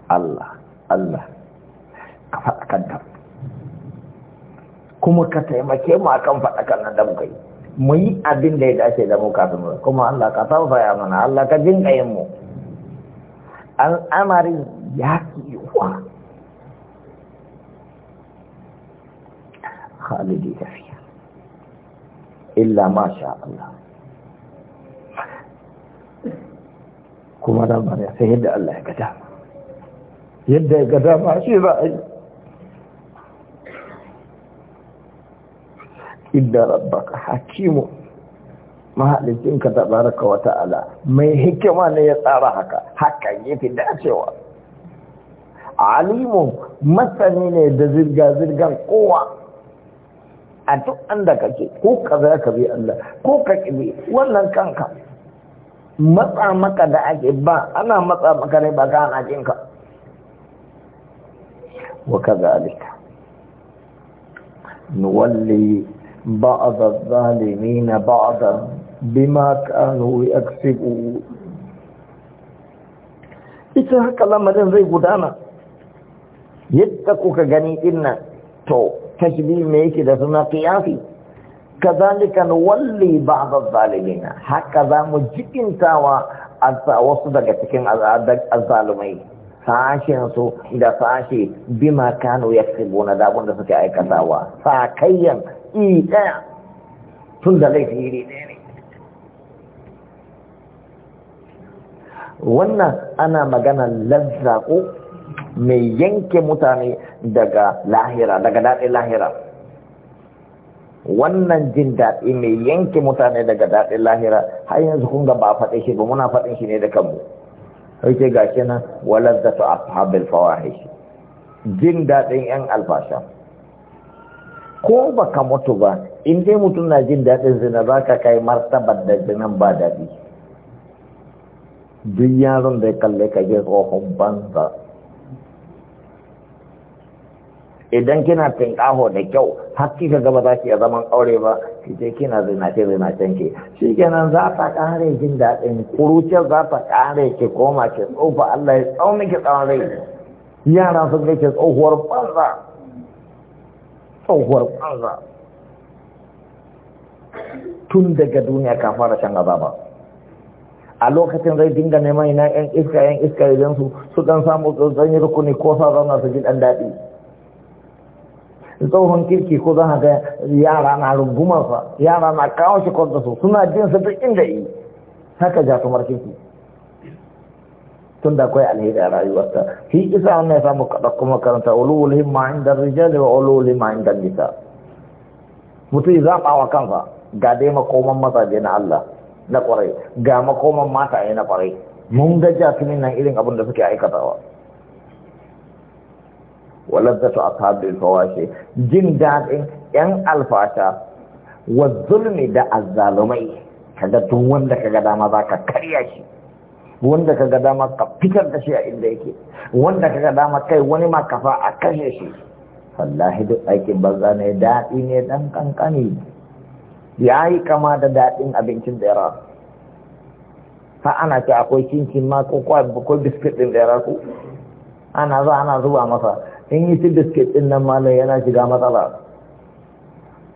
Allah Allah ka faɗakanta kuma ka taimake mu akan faɗakan nan da muka yi mu yi abin da ya dace da mu kafin mu kuma Allah ka ya mana Allah ka jin kayan mu an amari ya ki yiwuwa khalidi tafi illa ma sha Allah kuma da bari sai yadda Allah ya gada yadda ya gada ba shi za a yi inda rabbaka hakimu mahalicinka ta baraka wa ta'ala mai hikima ne ya tsara haka hakan ya fi dacewa alimu masani ne da zirga-zirgar kowa a duk anda kake ko ka za ka bi Allah ko ka kibi wannan kanka matsa maka da ake ba ana matsa maka ne ba ka ana jinka wa kazalika nuwalli ba'd adh-dhalimin ba'd bima kanu yaksubu ita haka lamarin zai gudana yadda kuka gani dinnan to tashbih me yake da suna qiyasi kazalika walli ba'd az na. haka za mu jikintawa wasu daga cikin azzalumai sashen su da sashe bima kanu yaksibuna da abun da suke aikatawa sakayyan i daya tun da laifi ne ne wannan ana magana lazzaƙo mai yanke mutane daga lahira daga daɗin lahira wannan jin daɗi mai yanke mutane daga daɗin lahira har yanzu kun ga ba faɗe shi ba muna faɗin shi ne da kanmu sai ga shi nan walar da su ashabil shi jin daɗin yan alfasha ko baka mutu ba in dai mutum na jin daɗin zina za ka kai martabar da zinan ba daɗi duk yaron da ya kalle ka je tsohon banza idan kina tinkaho da kyau har kika gaba za ki zaman aure ba ki je kina zinace zinacen ke. shi kenan za ta kare jin daɗin kurucin za ta kare ki koma ki tsofa Allah ya tsau miki tsawon rai yara sun ga ke tsohuwar banza tsohuwar banza tun daga duniya ka fara shan azaba a lokacin zai dinga neman ina yan iska yan iska idan su su dan samu yi rukuni ko sa zauna su ji dan daɗi tsohon kirki ko zan haka yara na rungumarsa yara na kawo shi kwanta su suna jin sa duk inda yi haka ja tumar kirki tun da akwai alheri a rayuwarsa shi isa wannan ya samu kaɗa kuma karanta ulul himma inda rijali wa ulul himma inda nisa mutum ya zaɓa wa kansa ga dai makoman mazaje na Allah na ƙwarai ga makoman mata na ƙwarai mun ga jatumin nan irin abin da suke aikatawa walazzatu ashabil fawashi jin dadin yan alfata wa zulmi da azzalumai kaga tun wanda kaga dama zaka karya shi wanda kaga dama ka fitar da shi a inda yake wanda kaga dama kai wani ma kafa a kashe shi wallahi duk aiki banza ne dadi ne dan kankani ya yi kama da dadin abincin da yara fa ana ce akwai cincin ma ko ko biskit da yara ku ana za ana zuba masa in yi ci biskit ɗin nan malam yana shiga matsala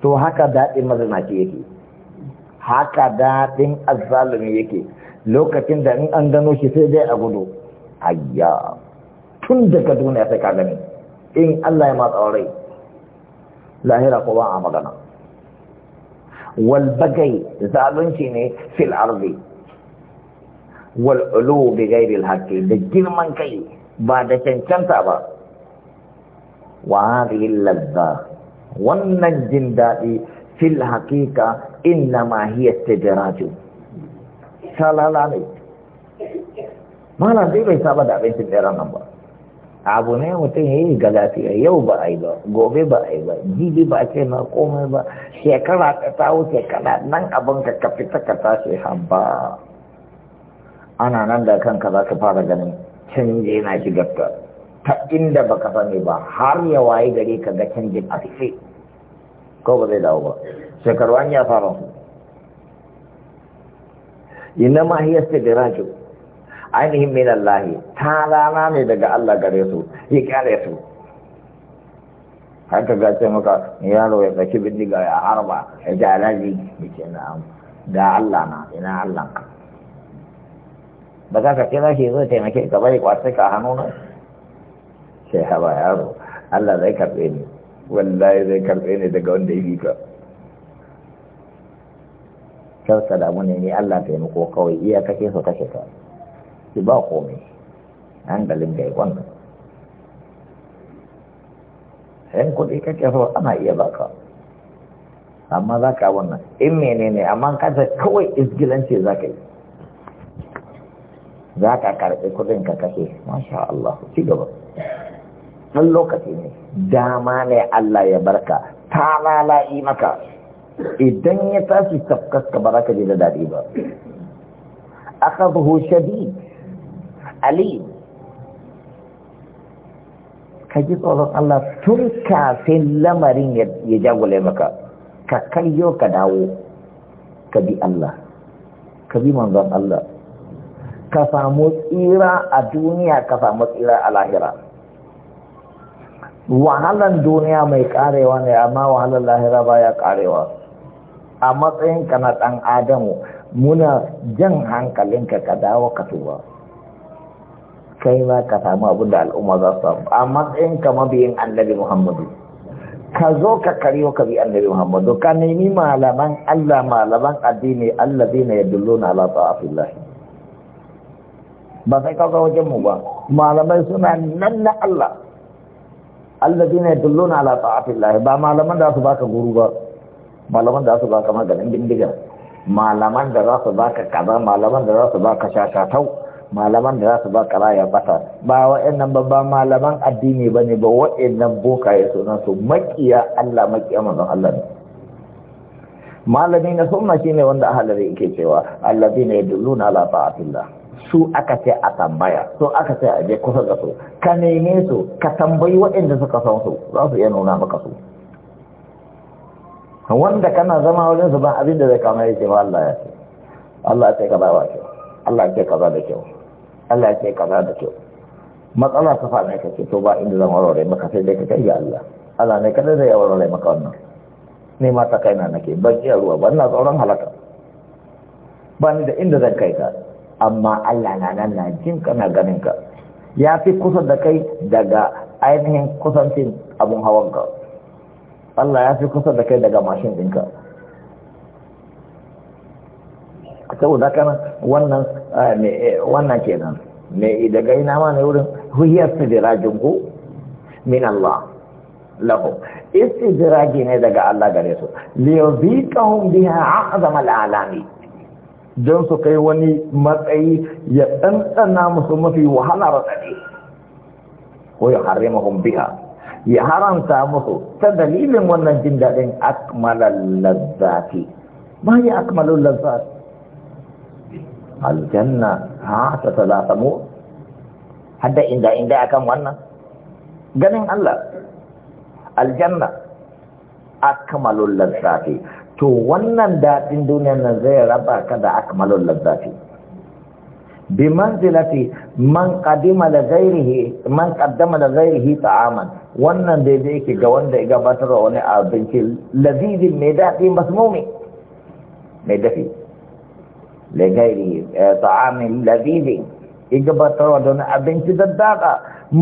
to haka daɗin mazinaci yake haka daɗin azalumi yake lokacin da in an gano shi sai dai a gudu ayya tun daga duniya sai ka gani in Allah ya matsa rai lahira ko ba a magana Walbagai zalunci ne fil arzi wal'ulu bi da girman kai ba da cancanta ba wa hadhihi al-ladha wannan jin daɗi fil haqiqa inna ma hiya tijaratu salala ne malam dai bai saba da abincin ɗaya nan ba abu ne mutum ya yi ga yau ba a yi ba gobe ba a yi ba jibi ba a ce na komai ba shekara ta ta wuce kana nan abin ka ka fita ka tashi haba ana nan da kanka za ka fara ganin canje na shigar ta inda baka sani ba har ya waye gare ka ga canjin a fice ko ba zai dawo ba shekaru an ya fara su inna ma hiya sidiraju ainihin min Allah ta rana ne daga Allah gare su ya kyale su haka ga ce maka yaro ya ɗauki bindiga ya harba ya ji alaji ya ce na'am da Allah na ina Allah ba za ka kira shi zai taimake ka bari kwasai ka hannu na Sai hawa yaro Allah zai karbe ni wallahi zai karbe ni daga wanda yi ka kyau salamu ne ni Allah taimako kawai iya kake su kashe ka ki ba komai hankalin ka yi kwanta yan kuɗi kake so ana iya ka amma za ka wannan in menene amma kasa kawai isgilance za ka yi za ka karɓi kuɗin ka kashe masha Allah ci gaba ɗan lokaci ne dama ne Allah ya barka ta lala'i maka idan ya tashi tafkas ka bara ka je da daɗi ba akhadhu shadi ali ka ji tsoron Allah tun kafin lamarin ya jagule maka ka kayyo ka dawo ka bi Allah ka bi manzon Allah ka samu tsira a duniya ka samu tsira a lahira wahalan duniya mai karewa ne amma wahalan lahira baya karewa a matsayin kana dan adamu muna jan hankalinka ka dawo ka tuba kai ma ka samu abin da al'umma za su samu a matsayin ka mabiyin annabi muhammadu ka zo ka karyo ka bi annabi muhammadu ka nemi malaman allah malaman addini Allah, allazina yadulluna ala ta'atillahi ba sai ka zo wajen mu ba malamai suna nan na Allah alladina yadulluna ala ta'atillah ba malaman da su baka guru ba malaman da su baka maganin dindiga malaman da za su baka kaza malaman da za su baka shashatau malaman da za su baka raya bata ba wa'annan ba ba malaman addini bane ba wa'annan bokaye sunan su makiya Allah makiya manzon Allah ne malami na sunna shine wanda ahalari yake cewa alladina yadulluna ala ta'atillah su aka ce a tambaya su aka ce a je kusa da su ka neme su ka tambayi waɗanda suka san su za su iya nuna maka su wanda kana zama wajen su ban abin da zai kama ya ce ba Allah ya ce Allah ya ce kaza ba kyau Allah ya ce kaza da kyau Allah ya ce kaza da kyau matsala ta faɗa ka ce to ba inda zan warware maka sai dai ka kai ga Allah Allah ne kada zai warware maka wannan ne ma ta kaina nake ban iya ruwa ba na tsoron halaka ba ni da inda zan kai ka amma Allah na nan na jin kana ganin ka ya fi kusa da kai daga ainihin kusancin abun hawan ka Allah ya fi kusa da kai daga mashin ɗinka saboda kana wannan eh, eh, wannan kenan me daga ina ma ne wurin huyar sidirajin ku min Allah lahu istidraji ne daga Allah gare su liyuzikahum biha a'zama al'alami don su kai wani matsayi ya ɗanɗana musu mafi wahala raɗaɗe ko ya harima biya ya haramta musu ta dalilin wannan jin daɗin akmalar lazzafi ma yi akmalar lazzafi aljanna ha ta talata mu hadda inda inda akan wannan ganin Allah aljanna akmalar lazzafi to wannan daɗin duniyar nan zai raba ka da akmalul lazzafi bi manzilati man qadima la ghairihi man qaddama la ghairihi ta'aman wannan daidai yake ga wanda ya gabatar wani abinci lazizin mai daɗi masmumi mai dafi la ghairihi eh, ta'amin lazizin ya gabatar da wani abinci daddaka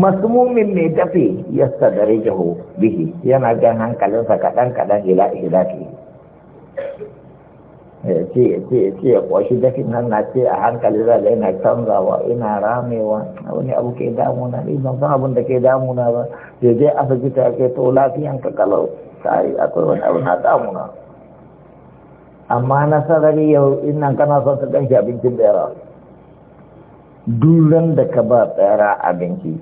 masmumin mai dafi yasta darajahu bihi yana gan hankalinsa kaɗan kaɗan ila ila Eh, ce ya ce ce ya kwashi dafin nan na ce a hankali za zaga ina canzawa ina ramewa wani abu ke damuna ni ban san abin da ke damuna ba je je asibiti ake to lafiyan ka kalau kai akwai wani abu na damuna amma na sarari yau innan kana son ka ganshi abincin bera duran da ka ba tsara abinci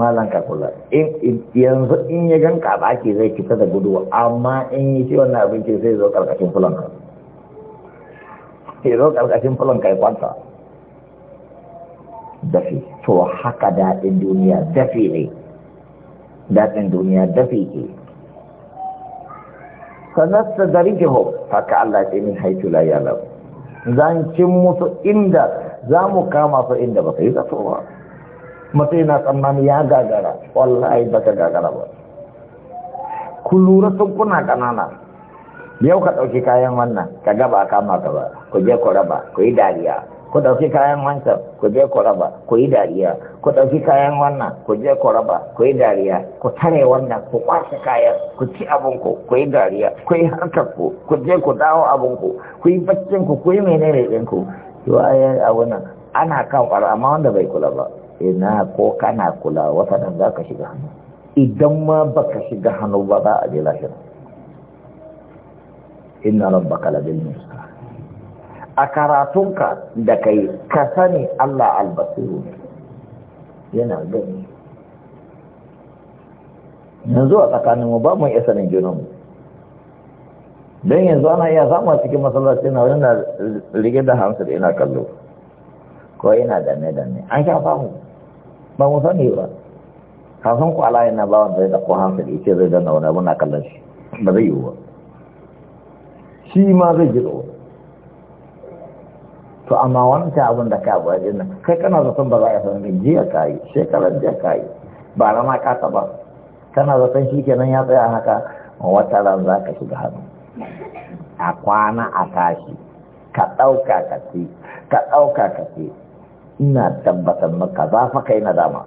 malan ka kula in yanzu in ya ganka baki zai fita da gudu amma in yi shi wannan abinci sai zo karkashin fulanka ke zo ƙarƙashin fulon kai kwanta dafi to haka daɗin duniya dafi ne daɗin duniya dafi ke sanar jiho haka Allah ce min haitu la zancin zan musu inda za mu kama su inda ba sai yi zato ba mutum yana tsammani ya gagara wallahi ba ka gagara ba ku lura sun kuna ƙanana yau ka ɗauki kayan wannan ka gaba kama ka ba ku je ku raba ku yi dariya ku ɗauki kayan wancan ku je ku raba ku yi dariya ku ɗauki kayan wannan ku je ku raba ku yi dariya ku tare wannan ku kwashe kayan ku ci abinku ku yi dariya ku yi harkar ku ku je ku dawo abinku ku yi baccin ku ku yi menene ɗin ku to ayi abun nan ana kan ƙwaro amma wanda bai kula ba ina ko kana kula wata nan za ka shiga hannu idan ma baka shiga hannu ba za a je lafiya inna rabbaka labil mirsad a karatunka da kai ka sani Allah albasiru ne yana gani yanzu a tsakanin mu ba mu iya sanin junanmu don yanzu ana iya samu cikin masallaci na wani na rige da da ina kallo ko ina danne danne an sha famu. ba mu sani ba kafin ku alayin na bawan zai da ko hamsin ike zai danna wani abu na kallon shi ba zai yiwu ba shi ma zai ji tsoro to amma wancan abin da ka gwaje nan kai kana zaton ba za a san jiya ka yi shekarar jiya ka ba rama ka taba kana zaton shi kenan ya tsaya haka wata ran za ka shiga hannu a kwana a tashi ka ɗauka ka ce ka ɗauka ka ce ina tabbatar maka za fa kai na dama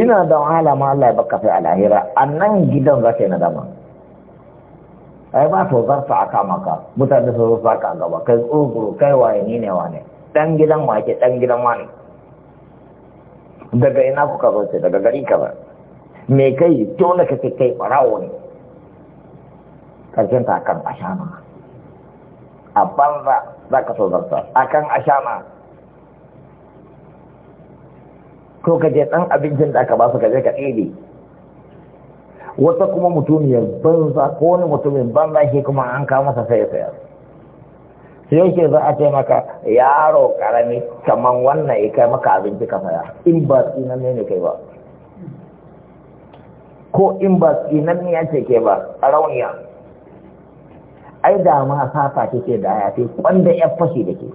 ina da wahala ma Allah ya baka sai a lahira a nan gidan za ka yi na dama ai ba to zarta a kama ka mutane su sa ka gaba kai tsoguro kai waye ni ne wane dan gidan wake dan gidan wane daga ina kuka zo ce daga gari ka ba? me kai dole ka ce kai barawo ne karshen ta kan ashama a banza za ka so zarta kan ashama ko ka je dan abincin da aka ba su ka je ka tsere wata kuma ya banza ko wani mutumin banza shi kuma an kawo masa sai sayar sai yake za a ce maka yaro karami kamar wannan ya kai maka abinci ka saya in ba tsinan ne kai ba ko in ba tsinan ne ya ce ke ba a rauniya ai da ma safa kike da ya fi kwanda ya fashi da ke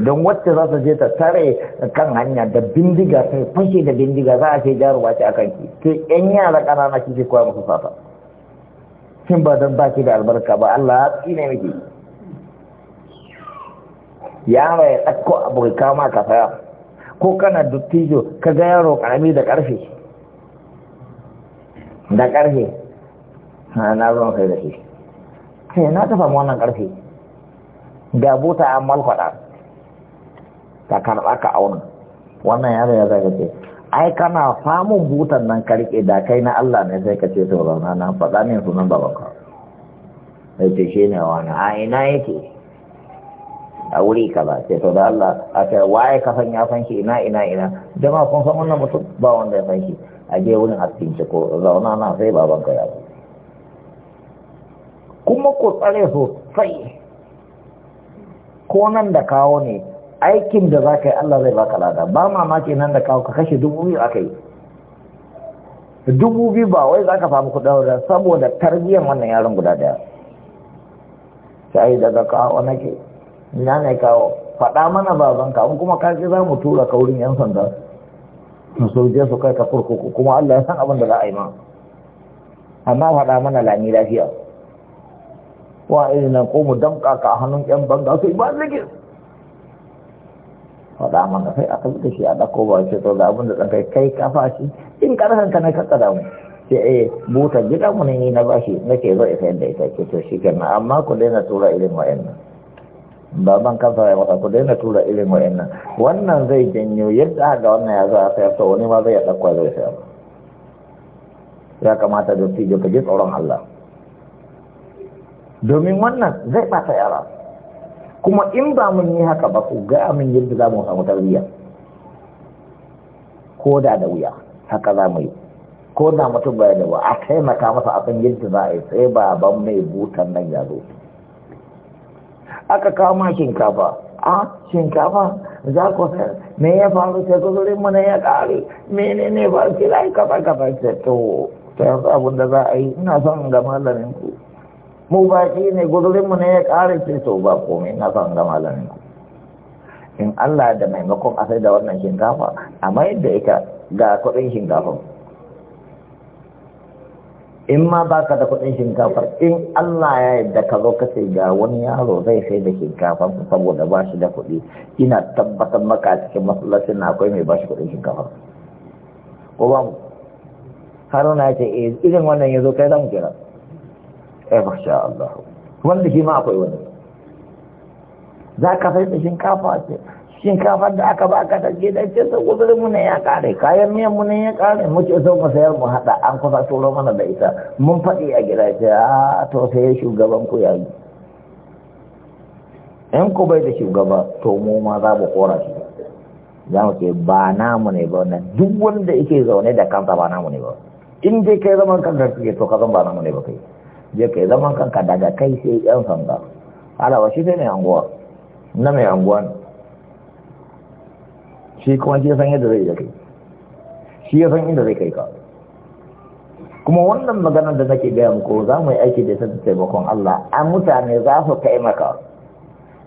don wacce za su je ta tare kan hanya da bindiga sai fashe da bindiga za a ce jaruwa ce a kanki ke yan yara ƙanana kike koya musu sata kin ba don baki da albarka ba Allah ya tsine miki yaro ya ɗauko abu ka kama ka saya ko kana dottijo ka ga yaro ƙarami da ƙarfe da ƙarfe na zuwan kai da shi kai na tafa wannan ƙarfe Gabota a malkwaɗa ka karɓa ka auna wannan yaro ya zaga ce ai kana samun butan nan karke da kai na Allah ne sai ka ce to rauna na faɗa min sunan babanka sai ce shi ne wani a ina yake a wuri ba sai to da Allah a ce waye ka san ya san shi ina ina ina jama'a kun san wannan mutum ba wanda ya san shi a je wurin asibinci ko zauna na sai baban ka ya kuma ku tsare sosai ko nan da kawo ne aikin da za ka yi Allah zai baka lada ba mamaki nan da kawo ka kashe dubu biyu aka yi dubu biyu ba wai za ka samu kuɗa da saboda tarbiyyar wannan yaron guda daya sai daga kawo nake ina ne kawo faɗa mana baban ka kuma ka ce za mu tura ka wurin yan sanda su je su kai ka kurkuku kuma Allah ya san abin da za a yi ma amma faɗa mana lami lafiya wa irin nan ko mu damƙa ka a hannun yan banga su ba zikir faɗa mana sai aka bi shi a ɗako ba ce to da abin da ɗan kai kai kafa shi in ƙarfin ka ne ka ƙada mu ce eh buta gida mu ne ni na bashi nake zo isa yadda ita ke to shi kenan amma ku daina tura irin wa'annan baban kansa ya masa ku daina tura irin wa'annan wannan zai janyo yadda ga wannan ya zo a sayar to wani ma zai ya ɗauko zai sayar ya kamata da tijo ka ji tsoron Allah domin wannan zai ɓata yara kuma in ba mun yi haka ba ku ga min yadda za mu samu tarbiyya ko da da wuya haka za mu yi ko da mutum bai da ba a taimaka masa a kan yadda za a yi sai ba ba mai butan nan ya zo aka kawo ma shinkafa a shinkafa za ku sayar me ya faru sai ku mu ne ya ƙare menene ba ki lai kafa kafa sai to ta abin da za a yi ina son ga malamin ku mu baki ne gudurinmu ne ya ƙara ce to ba komai na san gama lanin in Allah da maimakon a sai da wannan shinkafa a mayar da ita ga kuɗin shinkafa in ma ba ka da kuɗin shinkafa in Allah ya yadda ka zo ka ga wani yaro zai sai da shinkafa saboda ba shi da kuɗi ina tabbatar maka cikin masallacin na akwai mai ba shi kuɗin shinkafa ko ba mu haruna ya ce eh, irin wannan ya zo kai za mu kira eh sha Allah wanda shi ma akwai wani za ka sai da shinkafa ce Shinkafa da aka ba ka take da ce sau kuzurin mu ne ya kare kayan miyan mu ne ya kare mu ce sau mu sayar mu hada an kusa turo mana da ita mun faɗi a gida ce a to sai shugaban ku yi in ku bai da shugaba to mu ma za mu kora shi za mu ce ba namu ne ba wannan duk wanda yake zaune da kansa ba namu ne ba in dai kai zaman kanka kake to ka zan ba namu ne ba kai je kai zaman kanka daga kai sai yan sanda wa shi sai mai anguwa na mai anguwa shi kuma shi san yadda zai yi kai shi ya san inda zai kai ka kuma wannan maganar da nake gaya muku za mu yi aiki da ta taimakon Allah a mutane za su kai maka,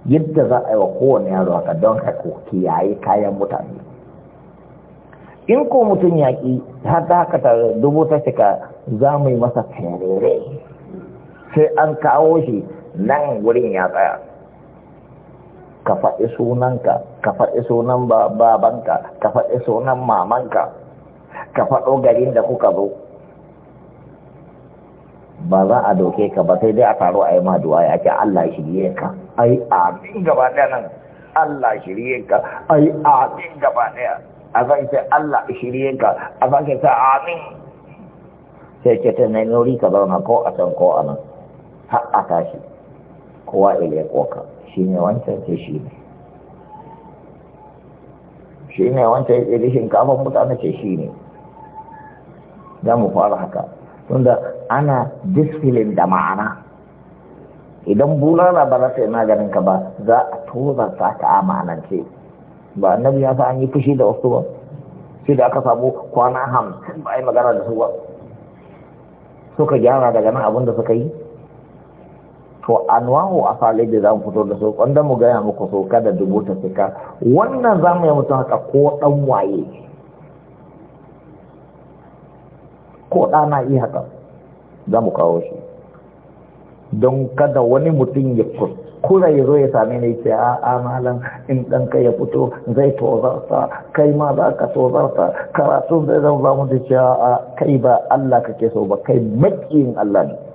yadda za a yi wa kowane yaro haka don haka kiyaye kayan mutane in ko mutum yaƙi har da haka ta dubu ta shika za mu yi masa tarere sai an kawo shi nan wurin ya tsaya ka faɗi sunanka ka faɗi sunan babanka ka faɗi sunan mamanka ka faɗo garin da kuka zo ba za a doke ka ba sai dai a taro a yi maduwa ya ce Allah shirye ka ai amin gaba ɗaya nan Allah shirye ka ai amin gaba ɗaya a zan ce Allah shirye ka a zan ce amin sai ke ta nori ka zauna ko a can ko a nan har shi tashi kowa ile ƙoƙa shi ne wancan ce shi ne shi ne wancan ile shinkafan mutane ce shi ne za mu fara haka tunda ana disfilin da ma'ana idan bulala ba za ta na ganin ka ba za a tura ta ta amanance ba annabi ya sa an yi fushi da wasu ba sai da aka samu kwana hamsin ba a yi magana da su ba suka gyara daga nan abin da suka yi to anwahu asali da za mu fito da su wanda mu gaya muku so kada dubu ta fika wannan za mu yi mutum haka ko dan waye ko ɗana iya haka za mu kawo shi don kada wani mutum ya kura ya zo ya same ni ce a a malam in ɗanka ya fito zai tozarta kai ma za ka tozarta karatu zai zama mu da cewa kai ba Allah kake so ba kai maƙiyin Allah ne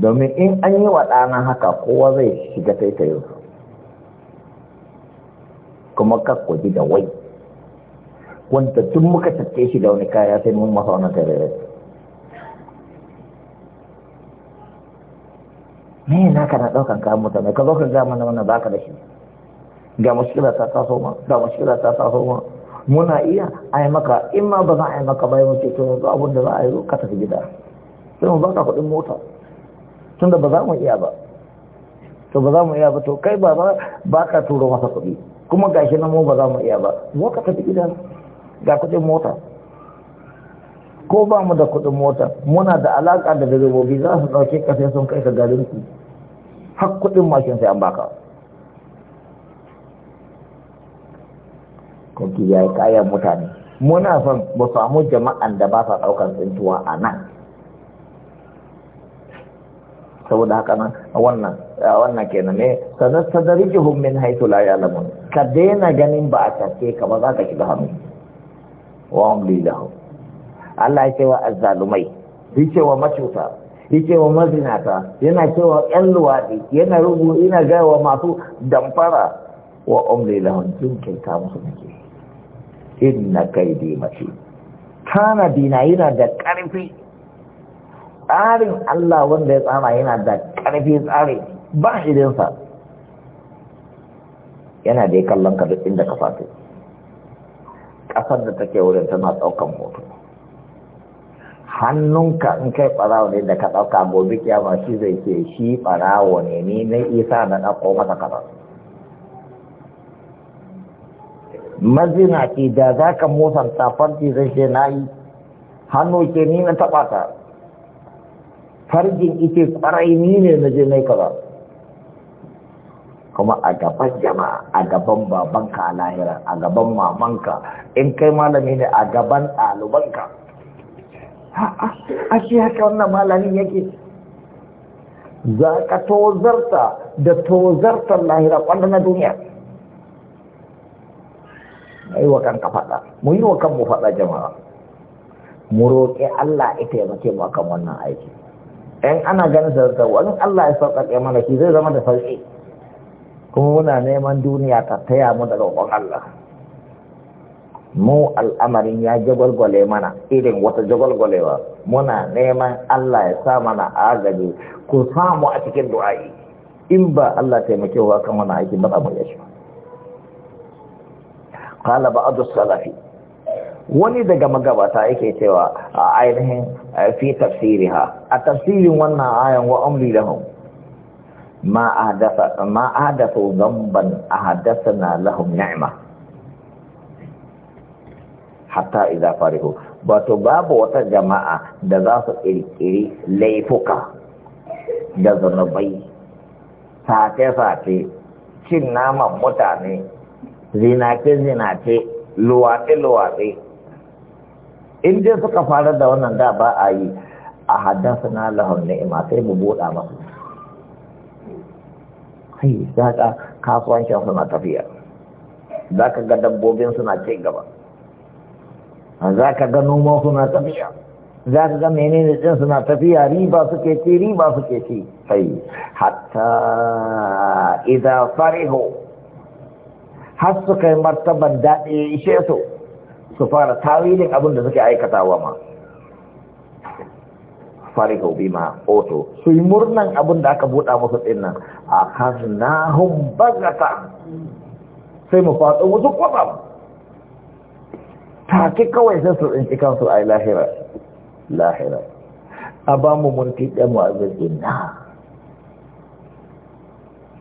domin in an yi wa ɗana haka kowa zai shiga yau, kuma kakko ji da wai wanda tun muka tatte shi da wani kaya sai mun masa wannan tarere me na kana ɗaukan kayan mutane ka zo ka gama na wani baka da shi ga mashkila ta taso ma ga mashkila ta taso ma muna iya a yi maka in ma ba za a yi maka ba yi mace to yanzu abin da za a yi ka tafi gida sai mu baka kuɗin mota tunda ba za mu iya ba to ba za mu iya ba to kai ba ba ka turo masa kuɗi kuma gashi na mu ba za mu iya ba zo ka tafi gida ga kuɗin mota ko ba mu da kuɗin mota muna da alaƙa da direbobi za su ɗauke ka sai sun kai ka garin ku har kuɗin mashin sai an baka ki yayi kayan mutane muna son mu samu jama'an da ba sa ɗaukar tsintuwa a nan saboda haka nan wannan wannan kenan ne sanar sadarijuhum min haitu la lamun ka daina ganin ba a tace ka ba za ka shiga hannu wa hum Allah ya ce wa azzalumai ya ce wa macuta ya ce mazinata yana ce wa ƴan luwaɗi yana rubu yana gaya wa masu damfara wa hum lilahu jin kyauta musu nake inna yi mace tanadi na yana da ƙarfi tsarin Allah wanda ya tsara yana da ƙarfi tsari ba irinsa yana da ya kallon ka duk inda ka fata ƙasar da take wurin tana ɗaukan hoto hannunka in kai ɓarawo ne da ka ɗauka gobe kyama shi zai ce shi ɓarawo ne ni na isa na ɗauko mata kaza mazina ke da za ka motsa farti zai ce na yi hannu ke ni na taɓa ta farjin ita kwarai ni ne na je mai kaza kuma a gaban jama'a a gaban babanka a lahira a gaban mamanka in kai malami ne a gaban ɗalibanka a shi haka wannan malamin yake za ka tozarta da tozartar lahira kwanda na duniya yi wa kanka faɗa mu yi wa kanmu faɗa jama'a mu roƙe Allah ita ya mace mu akan wannan aiki Yan ana ganin sa wani Allah ya sauƙaƙe mana shi zai zama da sauƙi kuma muna neman duniya ta taya mu da roƙon Allah mu al'amarin ya jagwalgwale mana irin wata jagwalgwalewa muna neman Allah ya sa mana agaji ku samu a cikin du'a'i in ba Allah taimakewa kan wani aiki ba za mu yashi qala ba'd salafi wani daga magabata yake cewa a ainihin fi ha, a tafsirin wannan ayan wa amri lahum ma ahdatha ma a dhanban na lahum ni'ma hatta fariho farihu to babu wata jama'a da za su kirkiri laifuka da zanubai sace-sace cin naman mutane zinace-zinace luwaɗe-luwaɗe in dai suka fara da wannan da ba a yi a haddasa na lahon ni'ima sai mu buɗa masu kai za ka kasuwancin suna tafiya za ka ga dabbobin suna ce gaba za ka ga noman suna tafiya za ka ga menene ɗin suna tafiya riba suke ci riba suke ci sai hatta idan farihu har su kai martaban daɗi ya ishe su su fara tawilin abin da suke aikatawa ma obi ma oto su yi murnan abin da aka buɗa musu ɗinnan a hannun bazata sai mu faɗo wasu Ta take kawai sai su cikin su a lahira lahira a ba mu munti ɗan wa'azin ina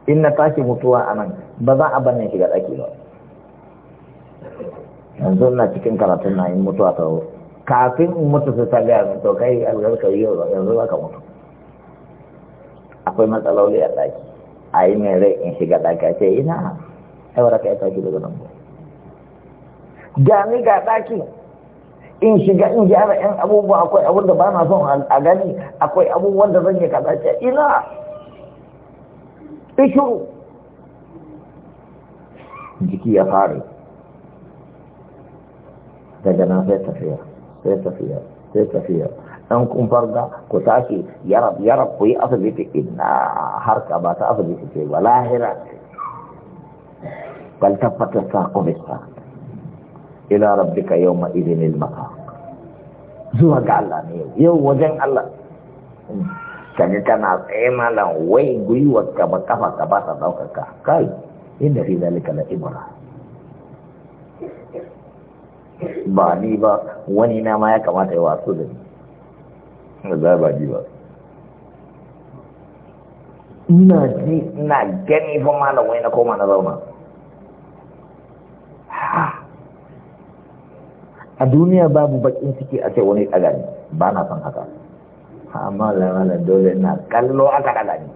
inna tashi mutuwa a nan ba za a banne shiga ɗaki ba yanzu na cikin karatun na yin mutuwa ta kafin in mutu su ta gaya to kai algarka yau yanzu za ka mutu akwai matsaloli a ɗaki a yi mai rai in shiga ɗaki a ce ina aiwara ka yi ɗaki daga nan gani ga ɗaki in shiga in gyara yan abubuwa akwai abun da ba na son a gani akwai abubuwan da zan yi kaza ce ina ishuru jiki ya fara daga nan sai tafiya sai tafiya sai tafiya dan kun farga ku tashi yarab yarab ku yi asibiti inna harka ba ta asibiti ce ba lahira bal tabbata saqu bisa ila rabbika yawma idhin al maqa zuwa ga Allah ne yau wajen Allah kaga kana tsaye malam wai gwiwar ka ba kafa ka ba ta daukaka kai inda fi zalika la ibra ba ni ba wani na ma ya kamata yi wasu da ni za ba ni ba ina ji ina gani fa malam wai na koma na zauna a duniya babu bakin ciki a ce wani ɗaga ni ba na son haka amma lamala dole na kallo aka ɗaga ni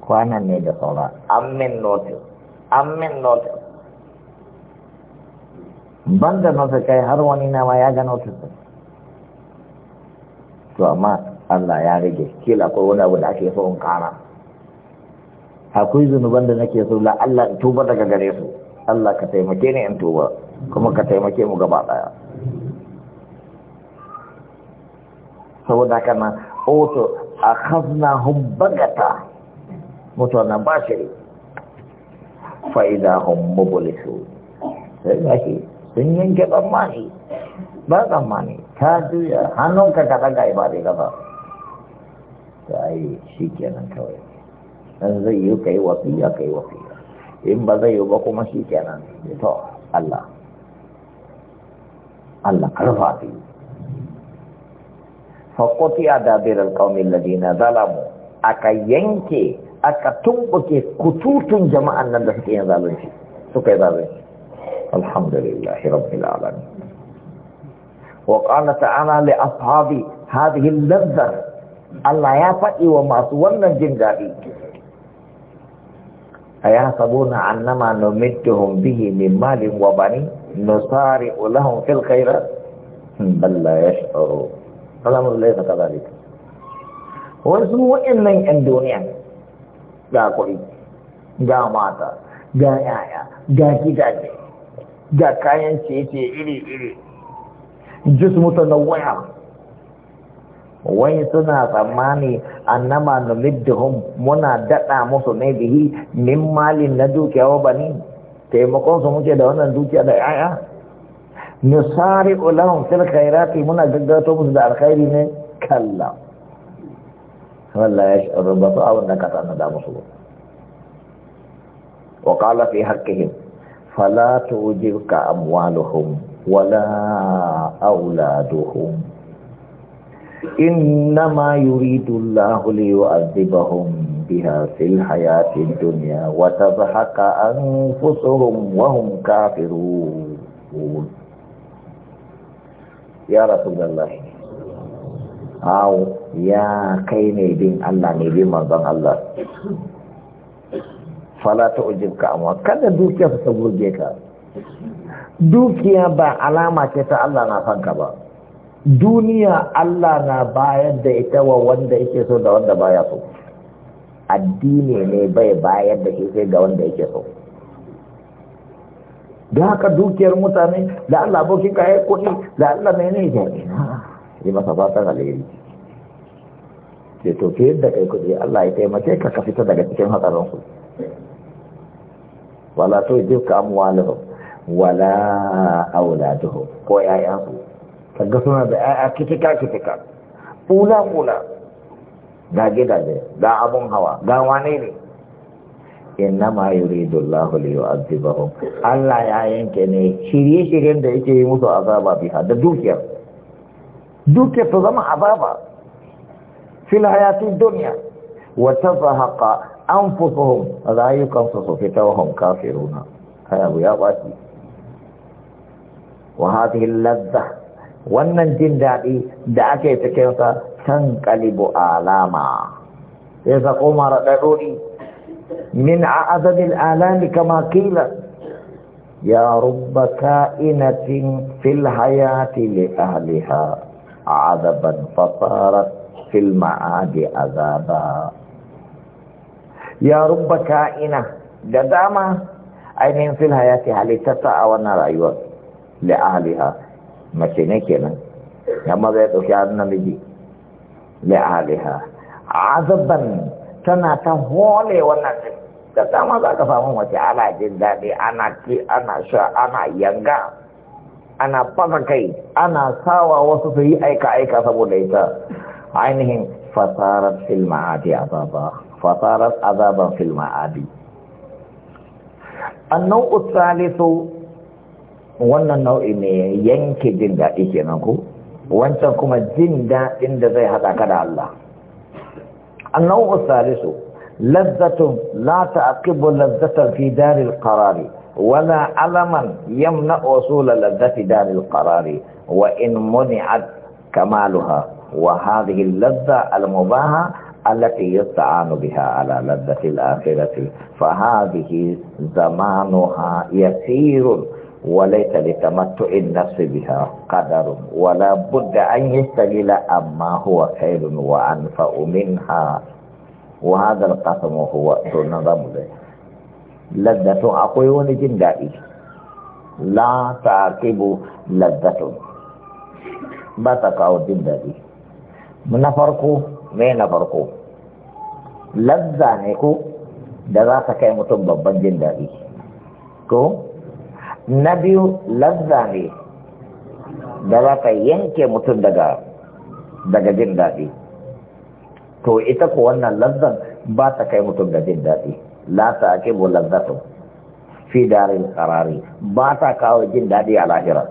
kwanan ne da saura amin min notice an min notice banda masa kai har wani nama ya gano tuntun to amma Allah ya rage kila akwai wani abu da ake so in kara akwai zunuban da nake so la Allah in tuba daga gare su Allah ka taimake ni in tuba kuma ka taimake mu gaba daya saboda na oto hun bagata na bashiri fa'ida hun mublisun sai gashi sun yanke tsammani ba tsammani ta juya hannunka ka ɗaga ba dai gaba ta yi shi kenan kawai dan zai yi ka yi wasiya ka yi wasiya in ba zai yi ba kuma shi kenan to Allah Allah karfa fi faƙoƙi a dabirar ƙaunin ladina zalamu aka yanke aka tumɓuke kututun jama'an nan da suke yin zalunci suka yi zalunci الحمد لله رب العالمين وقال تعالى لأصحاب هذه اللذة الله يفئ وما سولنا الجندائي أيحسبون أنما نمدهم به من مال وبني نصارع لهم في الخير بل لا يشعرون الأمر ليس كذلك wasu من الدنيا لا قوي لا ماتا لا ga yaya ga ga kayan ciye-ciye iri-iri mutu na waya. wai suna tsammani annama numiddihum muna daɗa musu ne bihi min malin na dukiya wa bani taimakon su muke da wannan dukiya da 'ya'ya nusari ulahum fil khairati muna gaggato musu da alkhairi ne kalla wallahi ya shi rubatu abin da ka tsanada musu wa fi haqqihim فلا tujibka amwaluhum ولا auladuhum إنما يريد الله ليعذبهم بها في الحياة الدنيا وتضحك أنفسهم وهم كافرون يا رسول الله أو يا كيني بن الله نبي مرضان الله fala ta ujibka amma kada dukiya ta burge ka dukiya ba alama ce ta Allah na fanka ba duniya Allah na bayar da ita wa wanda yake so da wanda baya so addini ne bai bayar da shi ga wanda yake so da haka dukiyar mutane da Allah abokin ka yi kuɗi da Allah mai ne ya yi masa fatan alheri ce to ke yadda kai kuɗi Allah ya taimake ka ka fita daga cikin hatsarin su wala to ka amwaluhum wala auladuhum ko ƴaƴansu kaga suna da ƴaƴa kitika kitika Da kula ga gidaje Da abun hawa ga wane ne ma yuridu allahu li yu'adhibahum Allah ya yanke ne shirye shiryen da yake yi musu azaba biha da dukiya. dukiya ta zama azaba fil hayatid dunya wa tazahaqa anfusuhum rayukansu su fitawahum kafiruna kai abu ya baki wa hadhihi ladha wannan jin daɗi da ake cikin sa tan qalibu alama sai ka koma radadodi min a'azab al'alam kama qila ya rubba ka'inatin fil hayati li ahliha azaban fasarat fil ma'adi azaba ya rubba ka'ina da dama ainihin fil hayati halittarsa a wannan rayuwar da ahaliha mace ne kenan maza zai ɗauki hannun namiji da ahaliha azabban tana ta hole wannan ɗin da dama za ka samu mace ana jin daɗi ana ci ana sha ana yanga ana fasa kai ana sawa wasu su yi aika-aika saboda ita ainihin fasarar filma a azaba فصارت عذابا في المعاد النوع الثالث wannan النوع اني yanke jin daɗi kenan ku wancan kuma jin daɗin da zai haɗa النوع الثالث لذة لا تعقب لذة في دار القرار ولا علما يمنع وصول لذة دار القرار وإن منعت كمالها وهذه اللذة المباهة التي يستعان بها على لذة الآخرة فهذه زمانها يسير وليس لتمتع النفس بها قدر ولا بد أن يشتغل أما هو خير وأنفع منها وهذا القسم هو تنظم له لذة أقوين جندائي لا تعقب لذة باتك جندائي من فرقه من فرقه lazza ne ko da za ta kai mutum babban jin daɗi ko na biyu lazza ne da za ta yanke mutum daga jin daɗi to ita ko wannan lazzan ba ta kai mutum da jin daɗi la ta ake bu lazzatu fi darin karari ba ta kawo jin daɗi a lahira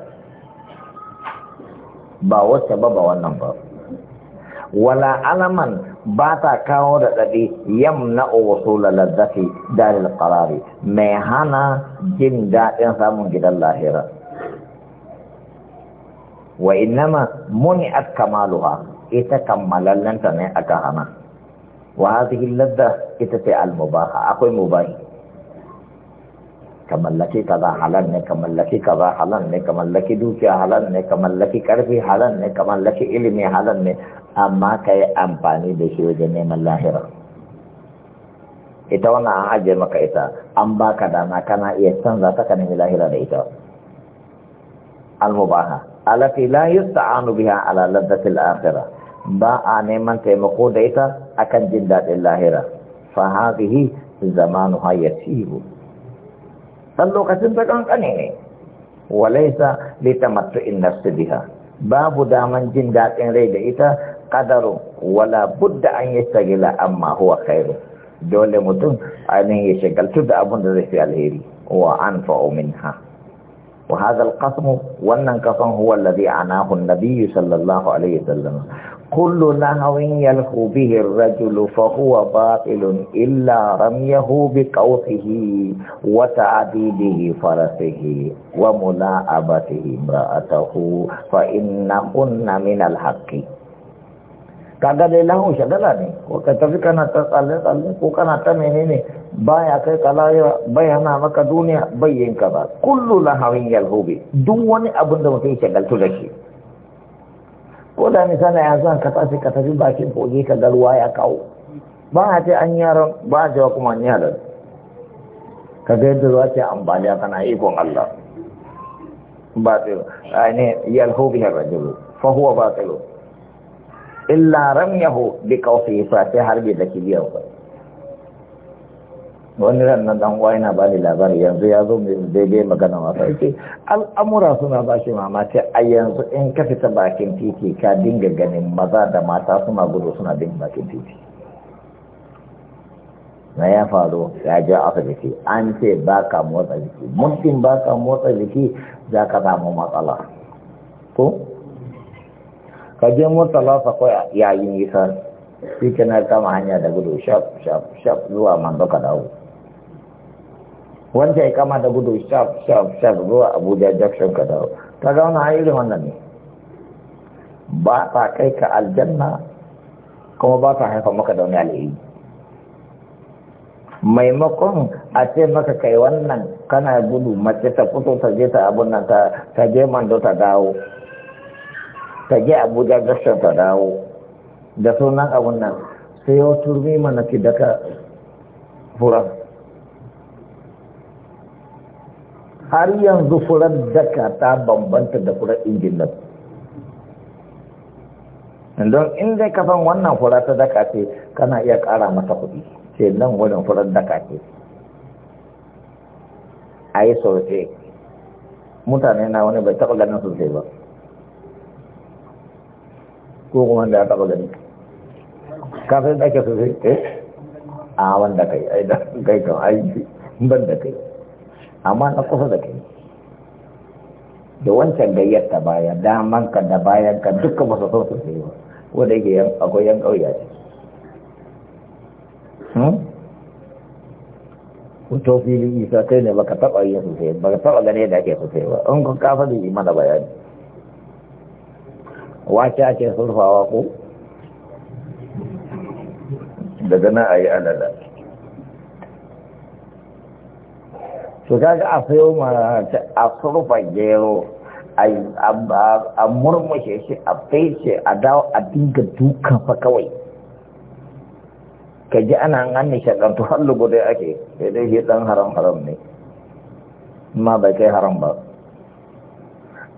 ba wacce ba ba wannan ba wala alaman ba ta kawo da ɗaɗe na wasu lalazzafi dalil ƙarari mai hana jin daɗin samun gidan lahira wa innama muni at kamaluha ita kammalallanta ne aka hana wa hadhihi ladda ita ce almubaha akwai mubahi ka mallaki kaza halal ne ka mallaki kaza halal ne ka mallaki dukiya halal ne ka mallaki karfi halal ne ka mallaki ilimi halal ne amma ka yi amfani da shi wajen neman lahira ita wannan an ajiye maka ita an baka dama kana iya canza ta ka nemi lahira da ita al-mubaha alati la yusta'anu biha ala ladzatil akhirah ba a neman taimako da ita akan jin daɗin lahira fa hadhihi zamanuha yasiru dan lokacin ta kankane ne walaisa in nafsi biha babu daman jin daɗin rai da ita qadaru wala budda an yastagila amma huwa khairu dole mutum an yi shagaltu da abun da zai fi alheri wa anfa'u minha وهذا القسم والنقسم هو الذي عناه النبي صلى الله عليه وسلم كل نهو يلهو به الرجل فهو باطل إلا رميه بقوسه وتعديده فرسه وملاعبته امرأته فإنهن من الحق kaga له lahu shagala ne ko ka tafi kana baya kai kalaya bai hana maka duniya bai yin ka ba kullu lahawin hubi duk wani abin da mutum yake galtu da shi ko da misali yanzu ka tashi ka tafi bakin kogi ka ga ruwa ya kawo ba a ce an yaran ba a cewa kuma an yaran ka ga yadda ruwa ce ambaliya kana ikon Allah ba tsiro a ne hubi ya rajulu fa huwa ba tsiro illa ramyahu bi kawfi fa sai harbi da kibiyar wani ran nan dan uwa yana bani labari yanzu ya zo mai daidai magana ma sarki al'amura suna ba shi mamaci a yanzu in ka fita bakin titi ka dinga ganin maza da mata suna gudu suna bin bakin titi na ya faru ya ji aka jiki an ce ba ka motsa jiki muddin ba ka motsa jiki za ka samu matsala ko ka je murtala sakwai yayin yi shi kana kama hanya da gudu shaf shaf shaf zuwa man ka dawo wanda ya kama da gudu shaf shaf shaf zuwa abuja jackson ka dawo ta zauna a irin wannan ne ba ta kai ka aljanna kuma ba ta haifa maka da wani alheri maimakon a ce maka kai wannan kana gudu mace ta fito ta je ta abun nan ta je mando ta dawo ta je abuja jackson ta dawo da sunan abun nan sai yau turmi mana ki daga furan har yanzu furar daka ta bambanta da furar ingilan don in dai kafan wannan fura ta daka ce kana iya ƙara mata kuɗi ce nan wurin furar daka ce a yi sauce mutane na wani bai taɓa ganin sosai ba ko kuma da ya taɓa gani kafin da ke sosai eh a wanda kai ai da kai kan aiki ban da kai amma na kusa da kai da wancan gayyar ta baya daman ka da bayan ka duka masu su so su sai ba wanda yake akwai yan ƙauya ce hoto hmm? fili isa kai ne baka taba yin sosai baka taba gane da ake sosai ba in kun kafa da mana bayani wace ake surfawa ko daga na a yi alala to kaga a sayo ma a surfa gero a murmushe shi a faice a dawo a dinga dukan fa kawai ka ji ana an ne shaɗan to har lugu ake sai dai shi ɗan haram haram ne ma bai kai haram ba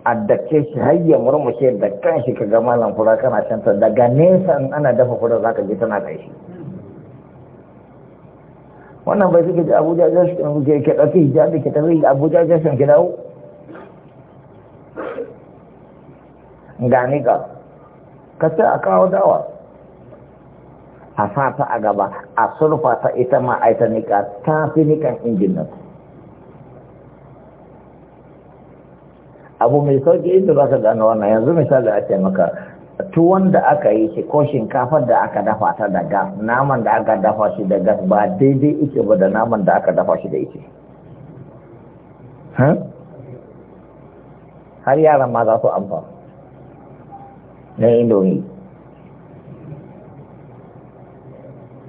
a dake shi har ya murmushe da kan shi ka ga malam fura kana shanta daga nesa in ana dafa fura za ka ji tana kai shi wannan bai suke da abuja jashin ke ke ɗauki hijabi ke tafi abuja jashin ke dawo gani ka ka ce a kawo dawa a sa ta a gaba a sulfa ta ita ma ita nika ta fi nikan injin nan abu mai sauƙi inda ba ka gano wannan yanzu misali a ce maka tuwon da aka yi shi ko shinkafar da aka dafa ta da gas naman da aka dafa shi da gas ba daidai ike ba da naman da aka dafa shi da ike har yaran ma za su amfa na indomi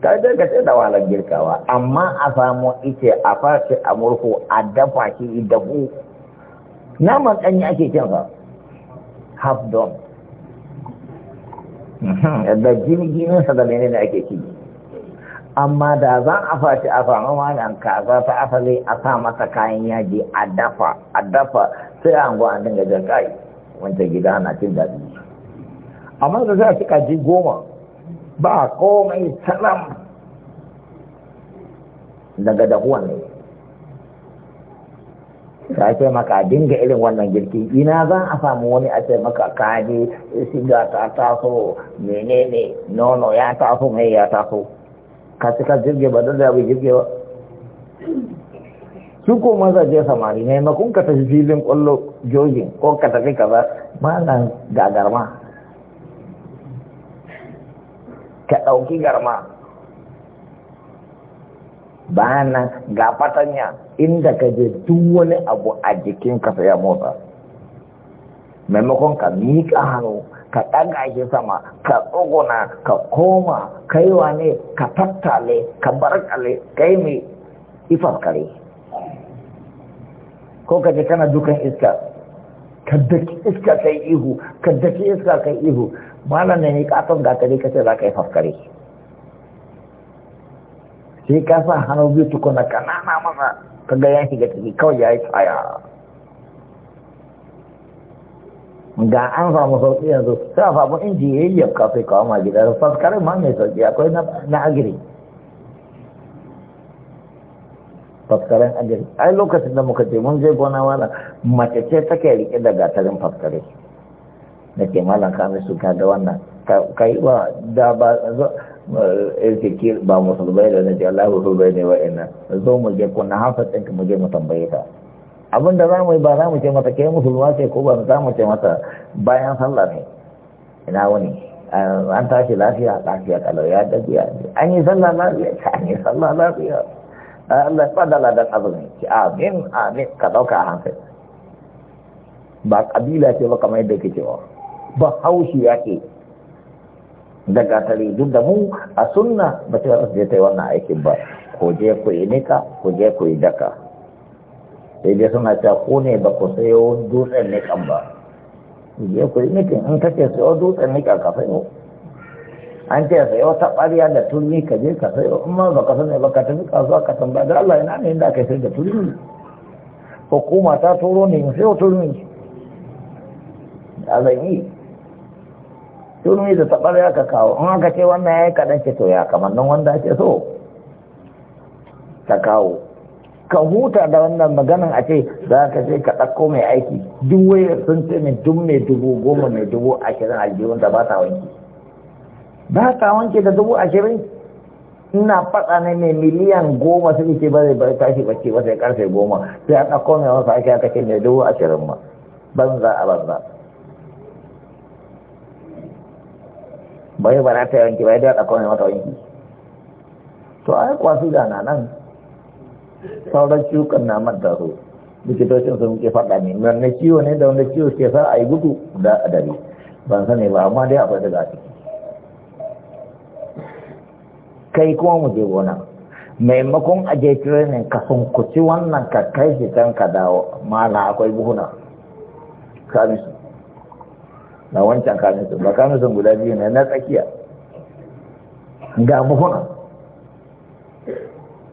kajar ka ce da walar girkawa amma a samu ice a farce a murhu a dafa shi dafu naman ɗanyi ake kinsa half done Hmm. Yadda gini jinin sa da menene ake ci amma da za a faci a samu malam kaza ta asali a sa masa kayan yaji a dafa a dafa sai an gwa an dinga jan kai wancan gida na cin daɗi amma da za a cika ji goma ba komai salam daga dahuwan ne ta ce maka dinga irin wannan girki ina zan a samu wani a ce maka kaji shiga ta taso menene nono ya taso mai ya taso ka cika jirge ba da bai jirge ba su ko maza je samari maimakon ka tafi filin kwallo jogin ko ka tafi kaza nan ga garma ka ɗauki garma ba nan ga fatanya inda ka je duk wani abu a jikin ka ya motsa maimakon ka miƙa hannu ka ɗaga shi sama ka tsoguna ka koma ka yi wane ka tattale ka barkale ka yi mai ifaskare ko ka je kana dukan iska ka daki iska yi ihu ka daki iska kai ihu malam ne ga gatari ka ce za ka yi faskare sai ka sa hannu biyu tukuna kanana masa kaga ya shiga ciki kawai ya yi tsaya ga an samu sauƙi yanzu sai a samu inji ya yi yanka sai kawo ma gida faskarin ma mai sauƙi akwai na agiri faskarin agiri ai lokacin da muka ce mun je gona wala mace ce take rike da gatarin faskare da ke malam mai ka ga wannan kai ba da ba irkikir ba musulmai da nace Allah rubai ne wa'annan zo mu je kunna hafa ka mu je mu tambaye ka abin da za mu yi ba za mu ce mata ke musulma ce ko ba za mu ce mata bayan sallah ne ina wani an tashi lafiya lafiya kalau ya dabiya an yi sallah lafiya (laughs) an yi sallah lafiya ah, Allah ya fadala dan azumi ki amin amin ka dauka hankali ba kabila ce ba kamar yadda kake cewa ba haushi yake Daga gatari duk da mu a sunna ba ta wasu je ta yi wannan aikin ba ko je ku yi nika ko je ku yi daka sai dai suna ta ku ne ba ku sayo dutsen nikan ba Ku je ku yi nikin in kake sayo dutsen nika ka sayo an ce sayo ta ɓarya da turmi ka je ka sayo in ma ba ka sani ba ka tafi kasuwa ka tambaya da Allah ina ne inda ka sai da turmi hukuma ta turo ne in sayo turmi Allah yi turmi da tabar ya ka kawo in aka ce wannan ya yi kaɗan ce to ya kamar nan wanda ake so ta kawo ka huta da wannan maganin a ce za ka je ka ɗakko mai aiki duk wai sun ce mai duk mai dubu goma mai dubu ashirin aljihun da ba ta wanke ba ta wanke da dubu ashirin ina faɗa ne mai miliyan goma suke ce ba zai bari tashi bacci ba sai karfe goma sai a ɗakko mai wasu ake aka ce mai dubu ashirin ma banza a banza bai ba ta yanki bai da ɗakon mata yanki to a kwasu da na nan sauran ciwukan na madda su likitocin sun ke faɗa ne na ciwo ne da wanda ciwo ke sa a yi gudu da a dare ban sani ba amma dai akwai daga ciki kai kuma mu je gona maimakon a je training ka kuci wannan ka kai shi kan ka dawo mana akwai buhuna ka na wancan su ba sun guda biyu ne na tsakiya ga buhuna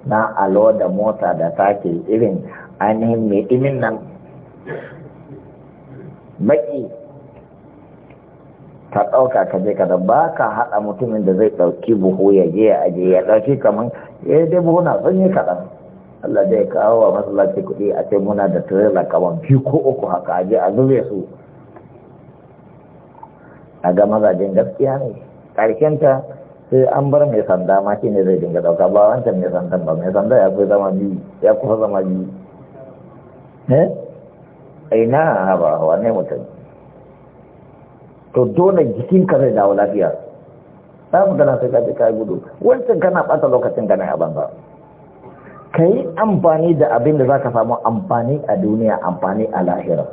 na alo da mota da take irin ainihin mai imin nan baki ta ɗauka ka je ka ba ka haɗa mutumin da zai ɗauki buhu ya je ya aje ya ɗauki kamar ya dai buhuna sun yi kaɗan Allah zai kawo wa masallaci kuɗi a ce muna da tirela kamar biyu ko uku haka aje a zube su a ga mazajen gaskiya ne ƙarshenta sai an bar mai sanda ma shi ne zai dinga ɗauka ba wancan mai sandan ba mai sanda ya kuwa zama biyu ya kuwa zama biyu eh ina ba wane mutum to dole jikin ka zai dawo lafiya ta gana sai ka je ka gudu wancan kana ɓata lokacin ganin a banza ka yi amfani da abin da za ka samu amfani a duniya amfani a lahira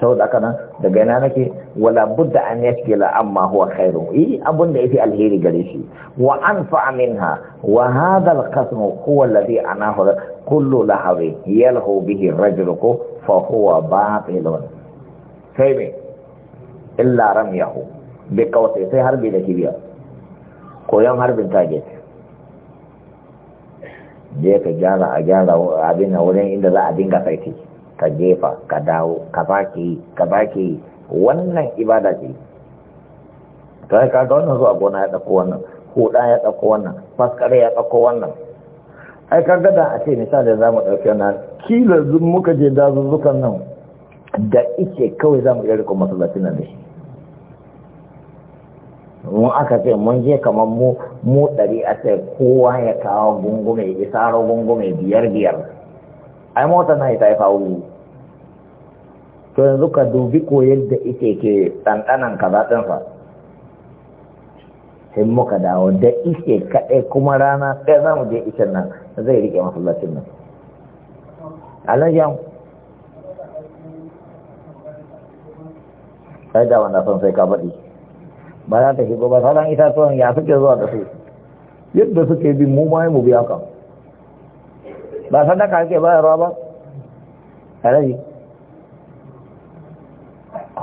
saboda haka nan daga yana nake wala budda an yashkila amma huwa khairu yi abun da yafi alheri gare shi wa anfa minha wa hadha alqasm huwa alladhi anahu kullu lahawi yalhu bihi rajul ko fa huwa batilun sai me illa yahu, bi qawsi sai harbi da kibiya koyon harbin target je ka gyara a gyara abin wurin inda za a dinga saiti ka jefa ka dawo ka sake yi ka sake yi wannan ibada ce ta ka ga wannan zuwa gona ya ɗauko wannan huɗa ya ɗauko wannan faskare ya ɗauko wannan ai ka da a ce misali za mu ɗauki wannan kila muka je dazuzzukan nan da ice kawai za mu iya riko masallacin nan da shi mun aka ce mun je kamar mu mu ɗari a ce kowa ya kawo gungume ya isa gungume biyar biyar ai mota na ita ya to yanzu ka dubi ko yadda ike ke ɗanɗanan kaza fa sai muka dawo da ike kaɗai kuma rana ɗaya za mu je ishen nan zai riƙe masallacin nan alayyan sai da wanda son sai ka baɗi ba za ta shigo ba sauran itatuwan ya suke zuwa da su yadda suke bin mu ma mu biya kan ba sadaka ake bayarwa ba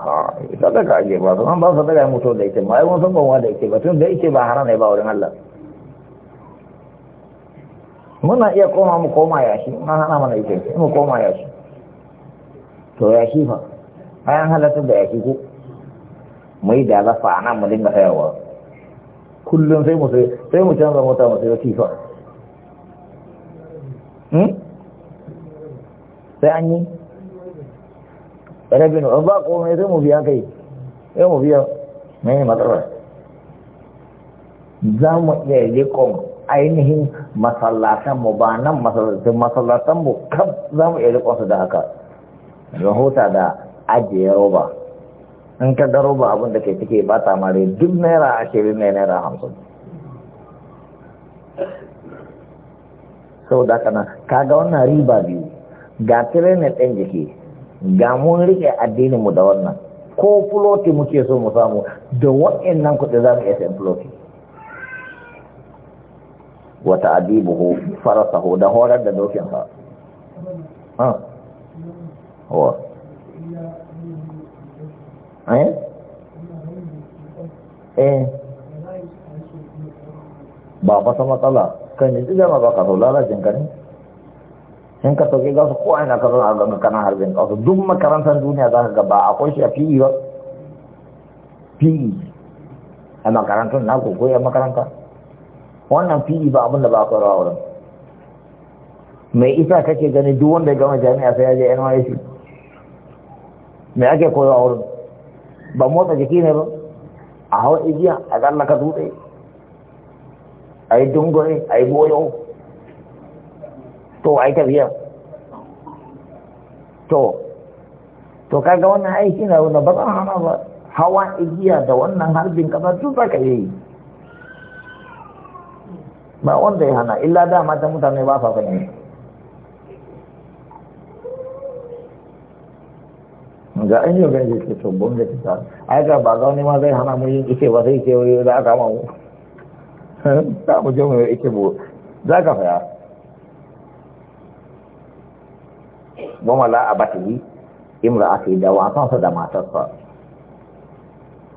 Haa sadaka ake ba su an ba sadaka ya mutu da ita ma yi wasan gwamwa da ita ba tun da ita ba haram ne ba wurin Allah muna iya koma mu koma yashi na hana mana ita mu koma yashi to yashi fa bayan halatar da yashi ko mu yi da zafa a nan mu dinga sayarwa kullum sai mu sai mu canza mota mu sai kifa sai an yi rabin ba komai sai mu biya kai sai mu biya mai matsala za mu iya rikon ainihin mu ba nan mu kam za mu iya rikon su da haka Rahota da ajiye roba in ka da roba abin da ke cike ba ta mare duk naira ashirin ne naira hamsin sau da kana kaga wannan riba biyu ga tirenin ɗan jiki ga mun riƙe addininmu da wannan ko fuloti muke so mu samu da waɗannan kuɗi za mu iya sayan fuloti wata farasa farasahu da horar da dokinsa eh? Eh. ba fasa matsala kan yi zama ba ka sau lalacin ganin in ka sauke gasu ko aina ka zauna ga kana harbin kasu duk makarantar duniya za ka gaba ba kwashe a fi'i e ba fi'i e. a makarantar na ko ya makaranta wannan fi'i e ba abinda ba akwai rawa wurin mai isa kake gani duk wanda ya gama jami'a sai ya je NYSC me ake koyo wurin ba motsa jiki ne ba a hau igiya a tsallaka dutse a yi dungure a yi boyo to ai tafiyar to to kaga wannan aiki na wani ba za hana ba hawa igiya da wannan harbin kasa tun za ka yi ba wanda ya hana illa dama ta mutane ba sa sanya ga an yi ganin ke to da ta ai ga ba ga wani ma zai hana mu yin ice ba sai ke wai za ka mu (laughs) za mu je mu ice mu za ka faya imra mala'abatihi imra'ati da wasansa da matarsa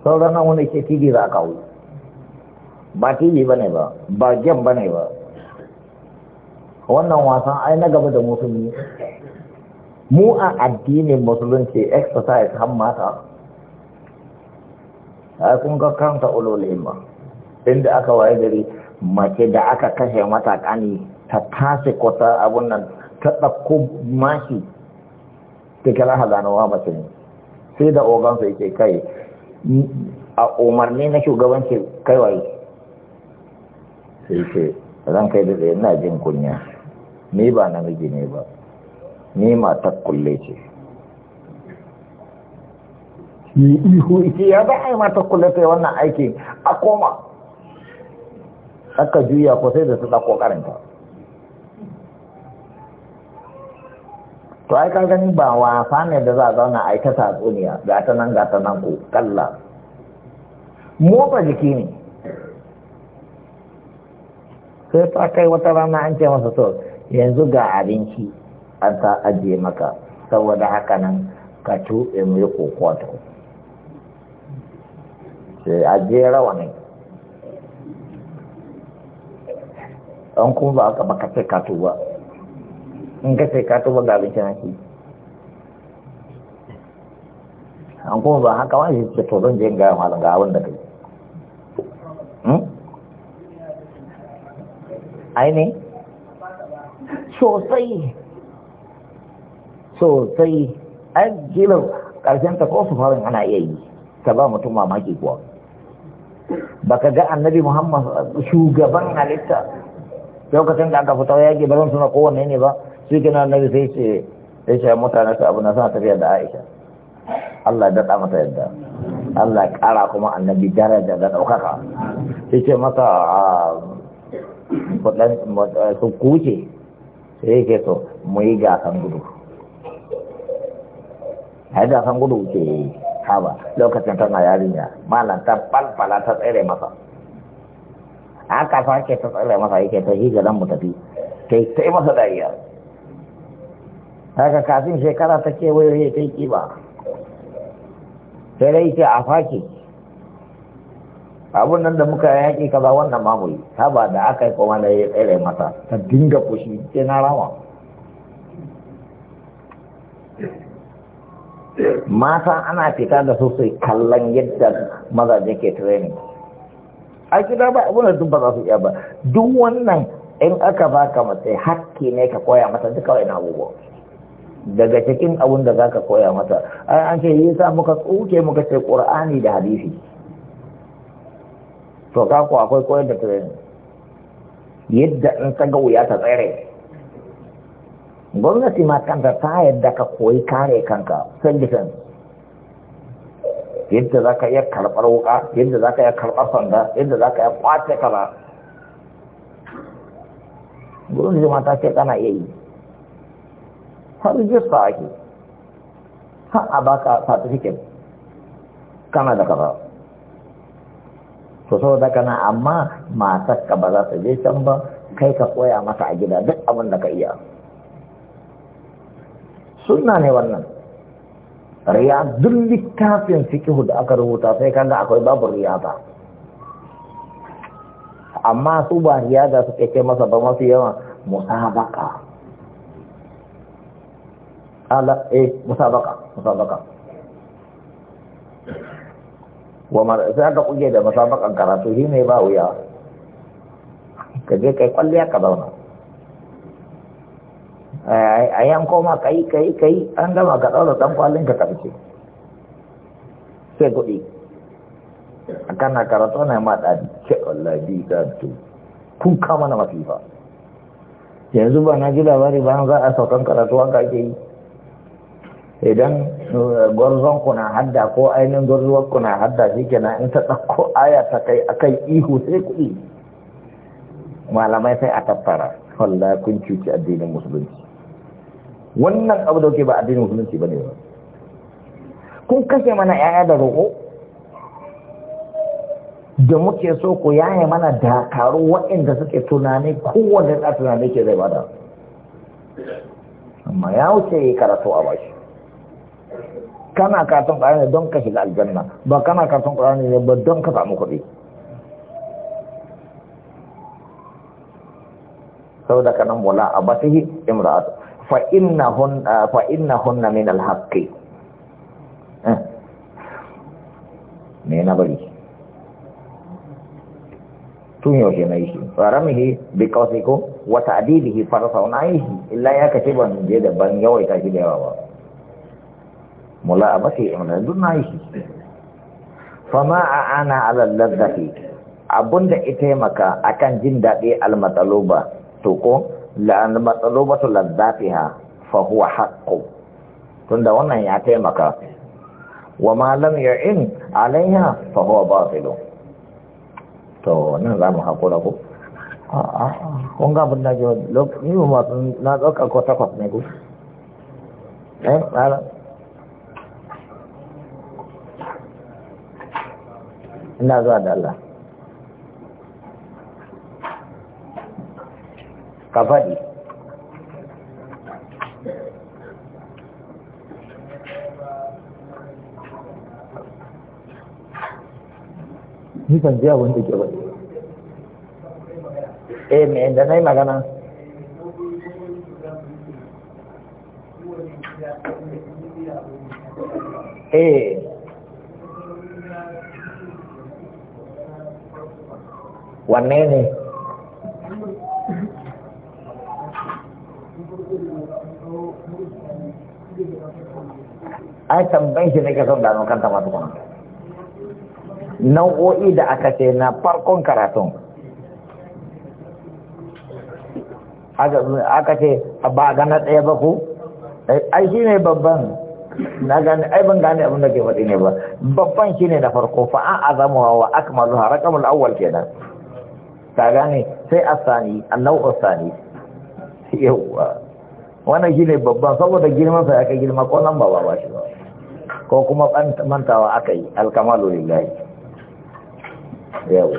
sauran wani ce tv za a kawo ba tv ba ne ba ba gem ba ne ba wannan wasan ai na gaba da musulmi mu a addinin musulunci exercise har mata a kun ga kanta ba. inda aka waye gari mace da aka kashe mata kani ta tasi kwata abun nan ta ɗauko mashi ta kira hadanawa mace ne sai da ogansa yake kai a umarni na shugabanci kai waye sai ce ran kai da zai na jin kunya ni ba namiji ne ba ni matar kulle ce yi ihu ike ya za ai yi kulle ta wannan aikin a koma aka juya ko sai da su ɗako ƙarinta to ai ka gani ba wasa ne da za a zauna a ta tatsuniya ga ta nan ga ta nan ku kalla motsa jiki ne sai ta kai wata rana an ce masa to yanzu ga abinci an ta ajiye maka saboda haka nan ka tuɓe mu yi kokoto sai ajiye rawa ne an kuma ba ka ce ka tuba in ka sai ka tuba ga abinci na shi an kuma ba haka wani ce to don je gaya malam ga abin da kai hmm? ai ne sosai sosai an gila karshen ta ko su farin ana iya yi ta ba mutum mamaki kuwa baka ga annabi muhammad shugaban halitta lokacin da aka fita yaƙi ba zan suna kowanne ne ba shi kina nabi sai ce sai ce mutane su abu na suna tafiya da aisha Allah daɗa mata yadda Allah ya ƙara kuma annabi daraja da ɗaukaka sai ce masa a ah, su kuce sai yake so mu yi gasan gudu a gasan gudu ke haba lokacin tana yarinya malanta ta falfala ta tsere masa aka ake ta tsala masa yake ta shi garan mu tafi kai ta yi masa dariya haka kafin shekara ta kewaye ya kai kiba sai dai ce a fake abun nan da muka yaƙi kaza wannan mamuyi haba da aka yi kuma da ya tsere masa ta dinga fushi sai na rama mata ana fita da su sai kallon yadda mazaje ke training a gida ba abin da duk ba za su iya ba duk wannan in aka ba baka mace hakki ne ka koya mata duka wani abubuwa daga cikin abin da za ka koya mata ai an ce yi sa muka tsuke muka ce ƙur'ani da hadisi to ka ku akwai koyar da ne. yadda in ka ga wuya ta tsere gwamnati ma kanta ta yadda ka koyi kare kanka self yadda za ka iya karɓar wuka yadda za ka iya karɓar sanda yadda za ka iya kwace kaza gudun jima ta ce kana iya yi har sa ake ha a baka certificate kana da kaza to saboda kana amma ka ba za ta je can ba kai ka koya mata a gida duk abin da ka iya sunna ne wannan riya duk littafin fikihu da aka rubuta sai kaga akwai babu riya ba amma su ba riya da suke ce masa ba masu yawa musabaka ala eh musabaka musabaka wa mar sai aka kuje da musabakan karatu shi ne ba wuya kaje kai kwalliya ka zauna a yanko ma kai kai kai an gama ka ɗaura ɗan kwalin ka ƙarshe sai kuɗi a kana karatu na ma da ce wallahi bi ka tu kun kama na masifa yanzu ba na ji labari ba za a saukan karatu haka ke yi idan eh, gwarzon ku na hadda ko ainihin gwarzuwar ku na hadda shi kenan in ta ɗauko aya ta kai kan ihu sai kuɗi malamai sai a tattara wallahi kun cuci addinin musulunci wannan abu da ke ba addinin musulunci ba ne ba kun kashe mana yaya da roƙo da muke so ku yaya mana dakaru waɗanda suke tunani kowane ɗan tunani ke zai bada amma ya wuce yi karatu a bashi kana katon ƙwararri don ka shiga aljanna ba kana katon ƙwararri ne ba don ka samu kuɗi saboda kanan mula a batihi imra'atu fa na ah, fa min alhaƙi ne na bari tun yaushe na yi shi faramihi bi kawsiko wa ta'didihi farasa na yi shi illa ya kace ban je da ban ta shi da yawa ba mula abati imran dun na yi shi a ana alallar zafi abinda ita maka akan jin daɗe al ba, to ko la'an matsalobatu lazzatiha fa huwa haqqu tunda wannan ya taimaka wa ma lam ya'in alaiha fa huwa batilu to nan hakura kun ga da ni ma na ko ne eh ala ina da Allah ka faɗi nisan jiyar wanda abin da ke faɗi eh mai da na yi magana eh wanne ne ai tambayin shi nake son gano kanta masu kuma nau'o'i da aka ce na farkon karatun aka ce ba gana ɗaya ba ku ai shi ne babban na gane ai ban gane abin da ke faɗi ne ba babban shi ne na farko fa aka azamu wa kamar awal ke kenan ta gane sai asani annau asani yawwa wannan shine babban saboda girman sa aka girma ko nan ba ba shi ba ko kuma mantawa aka yi alkamalu lillahi yawa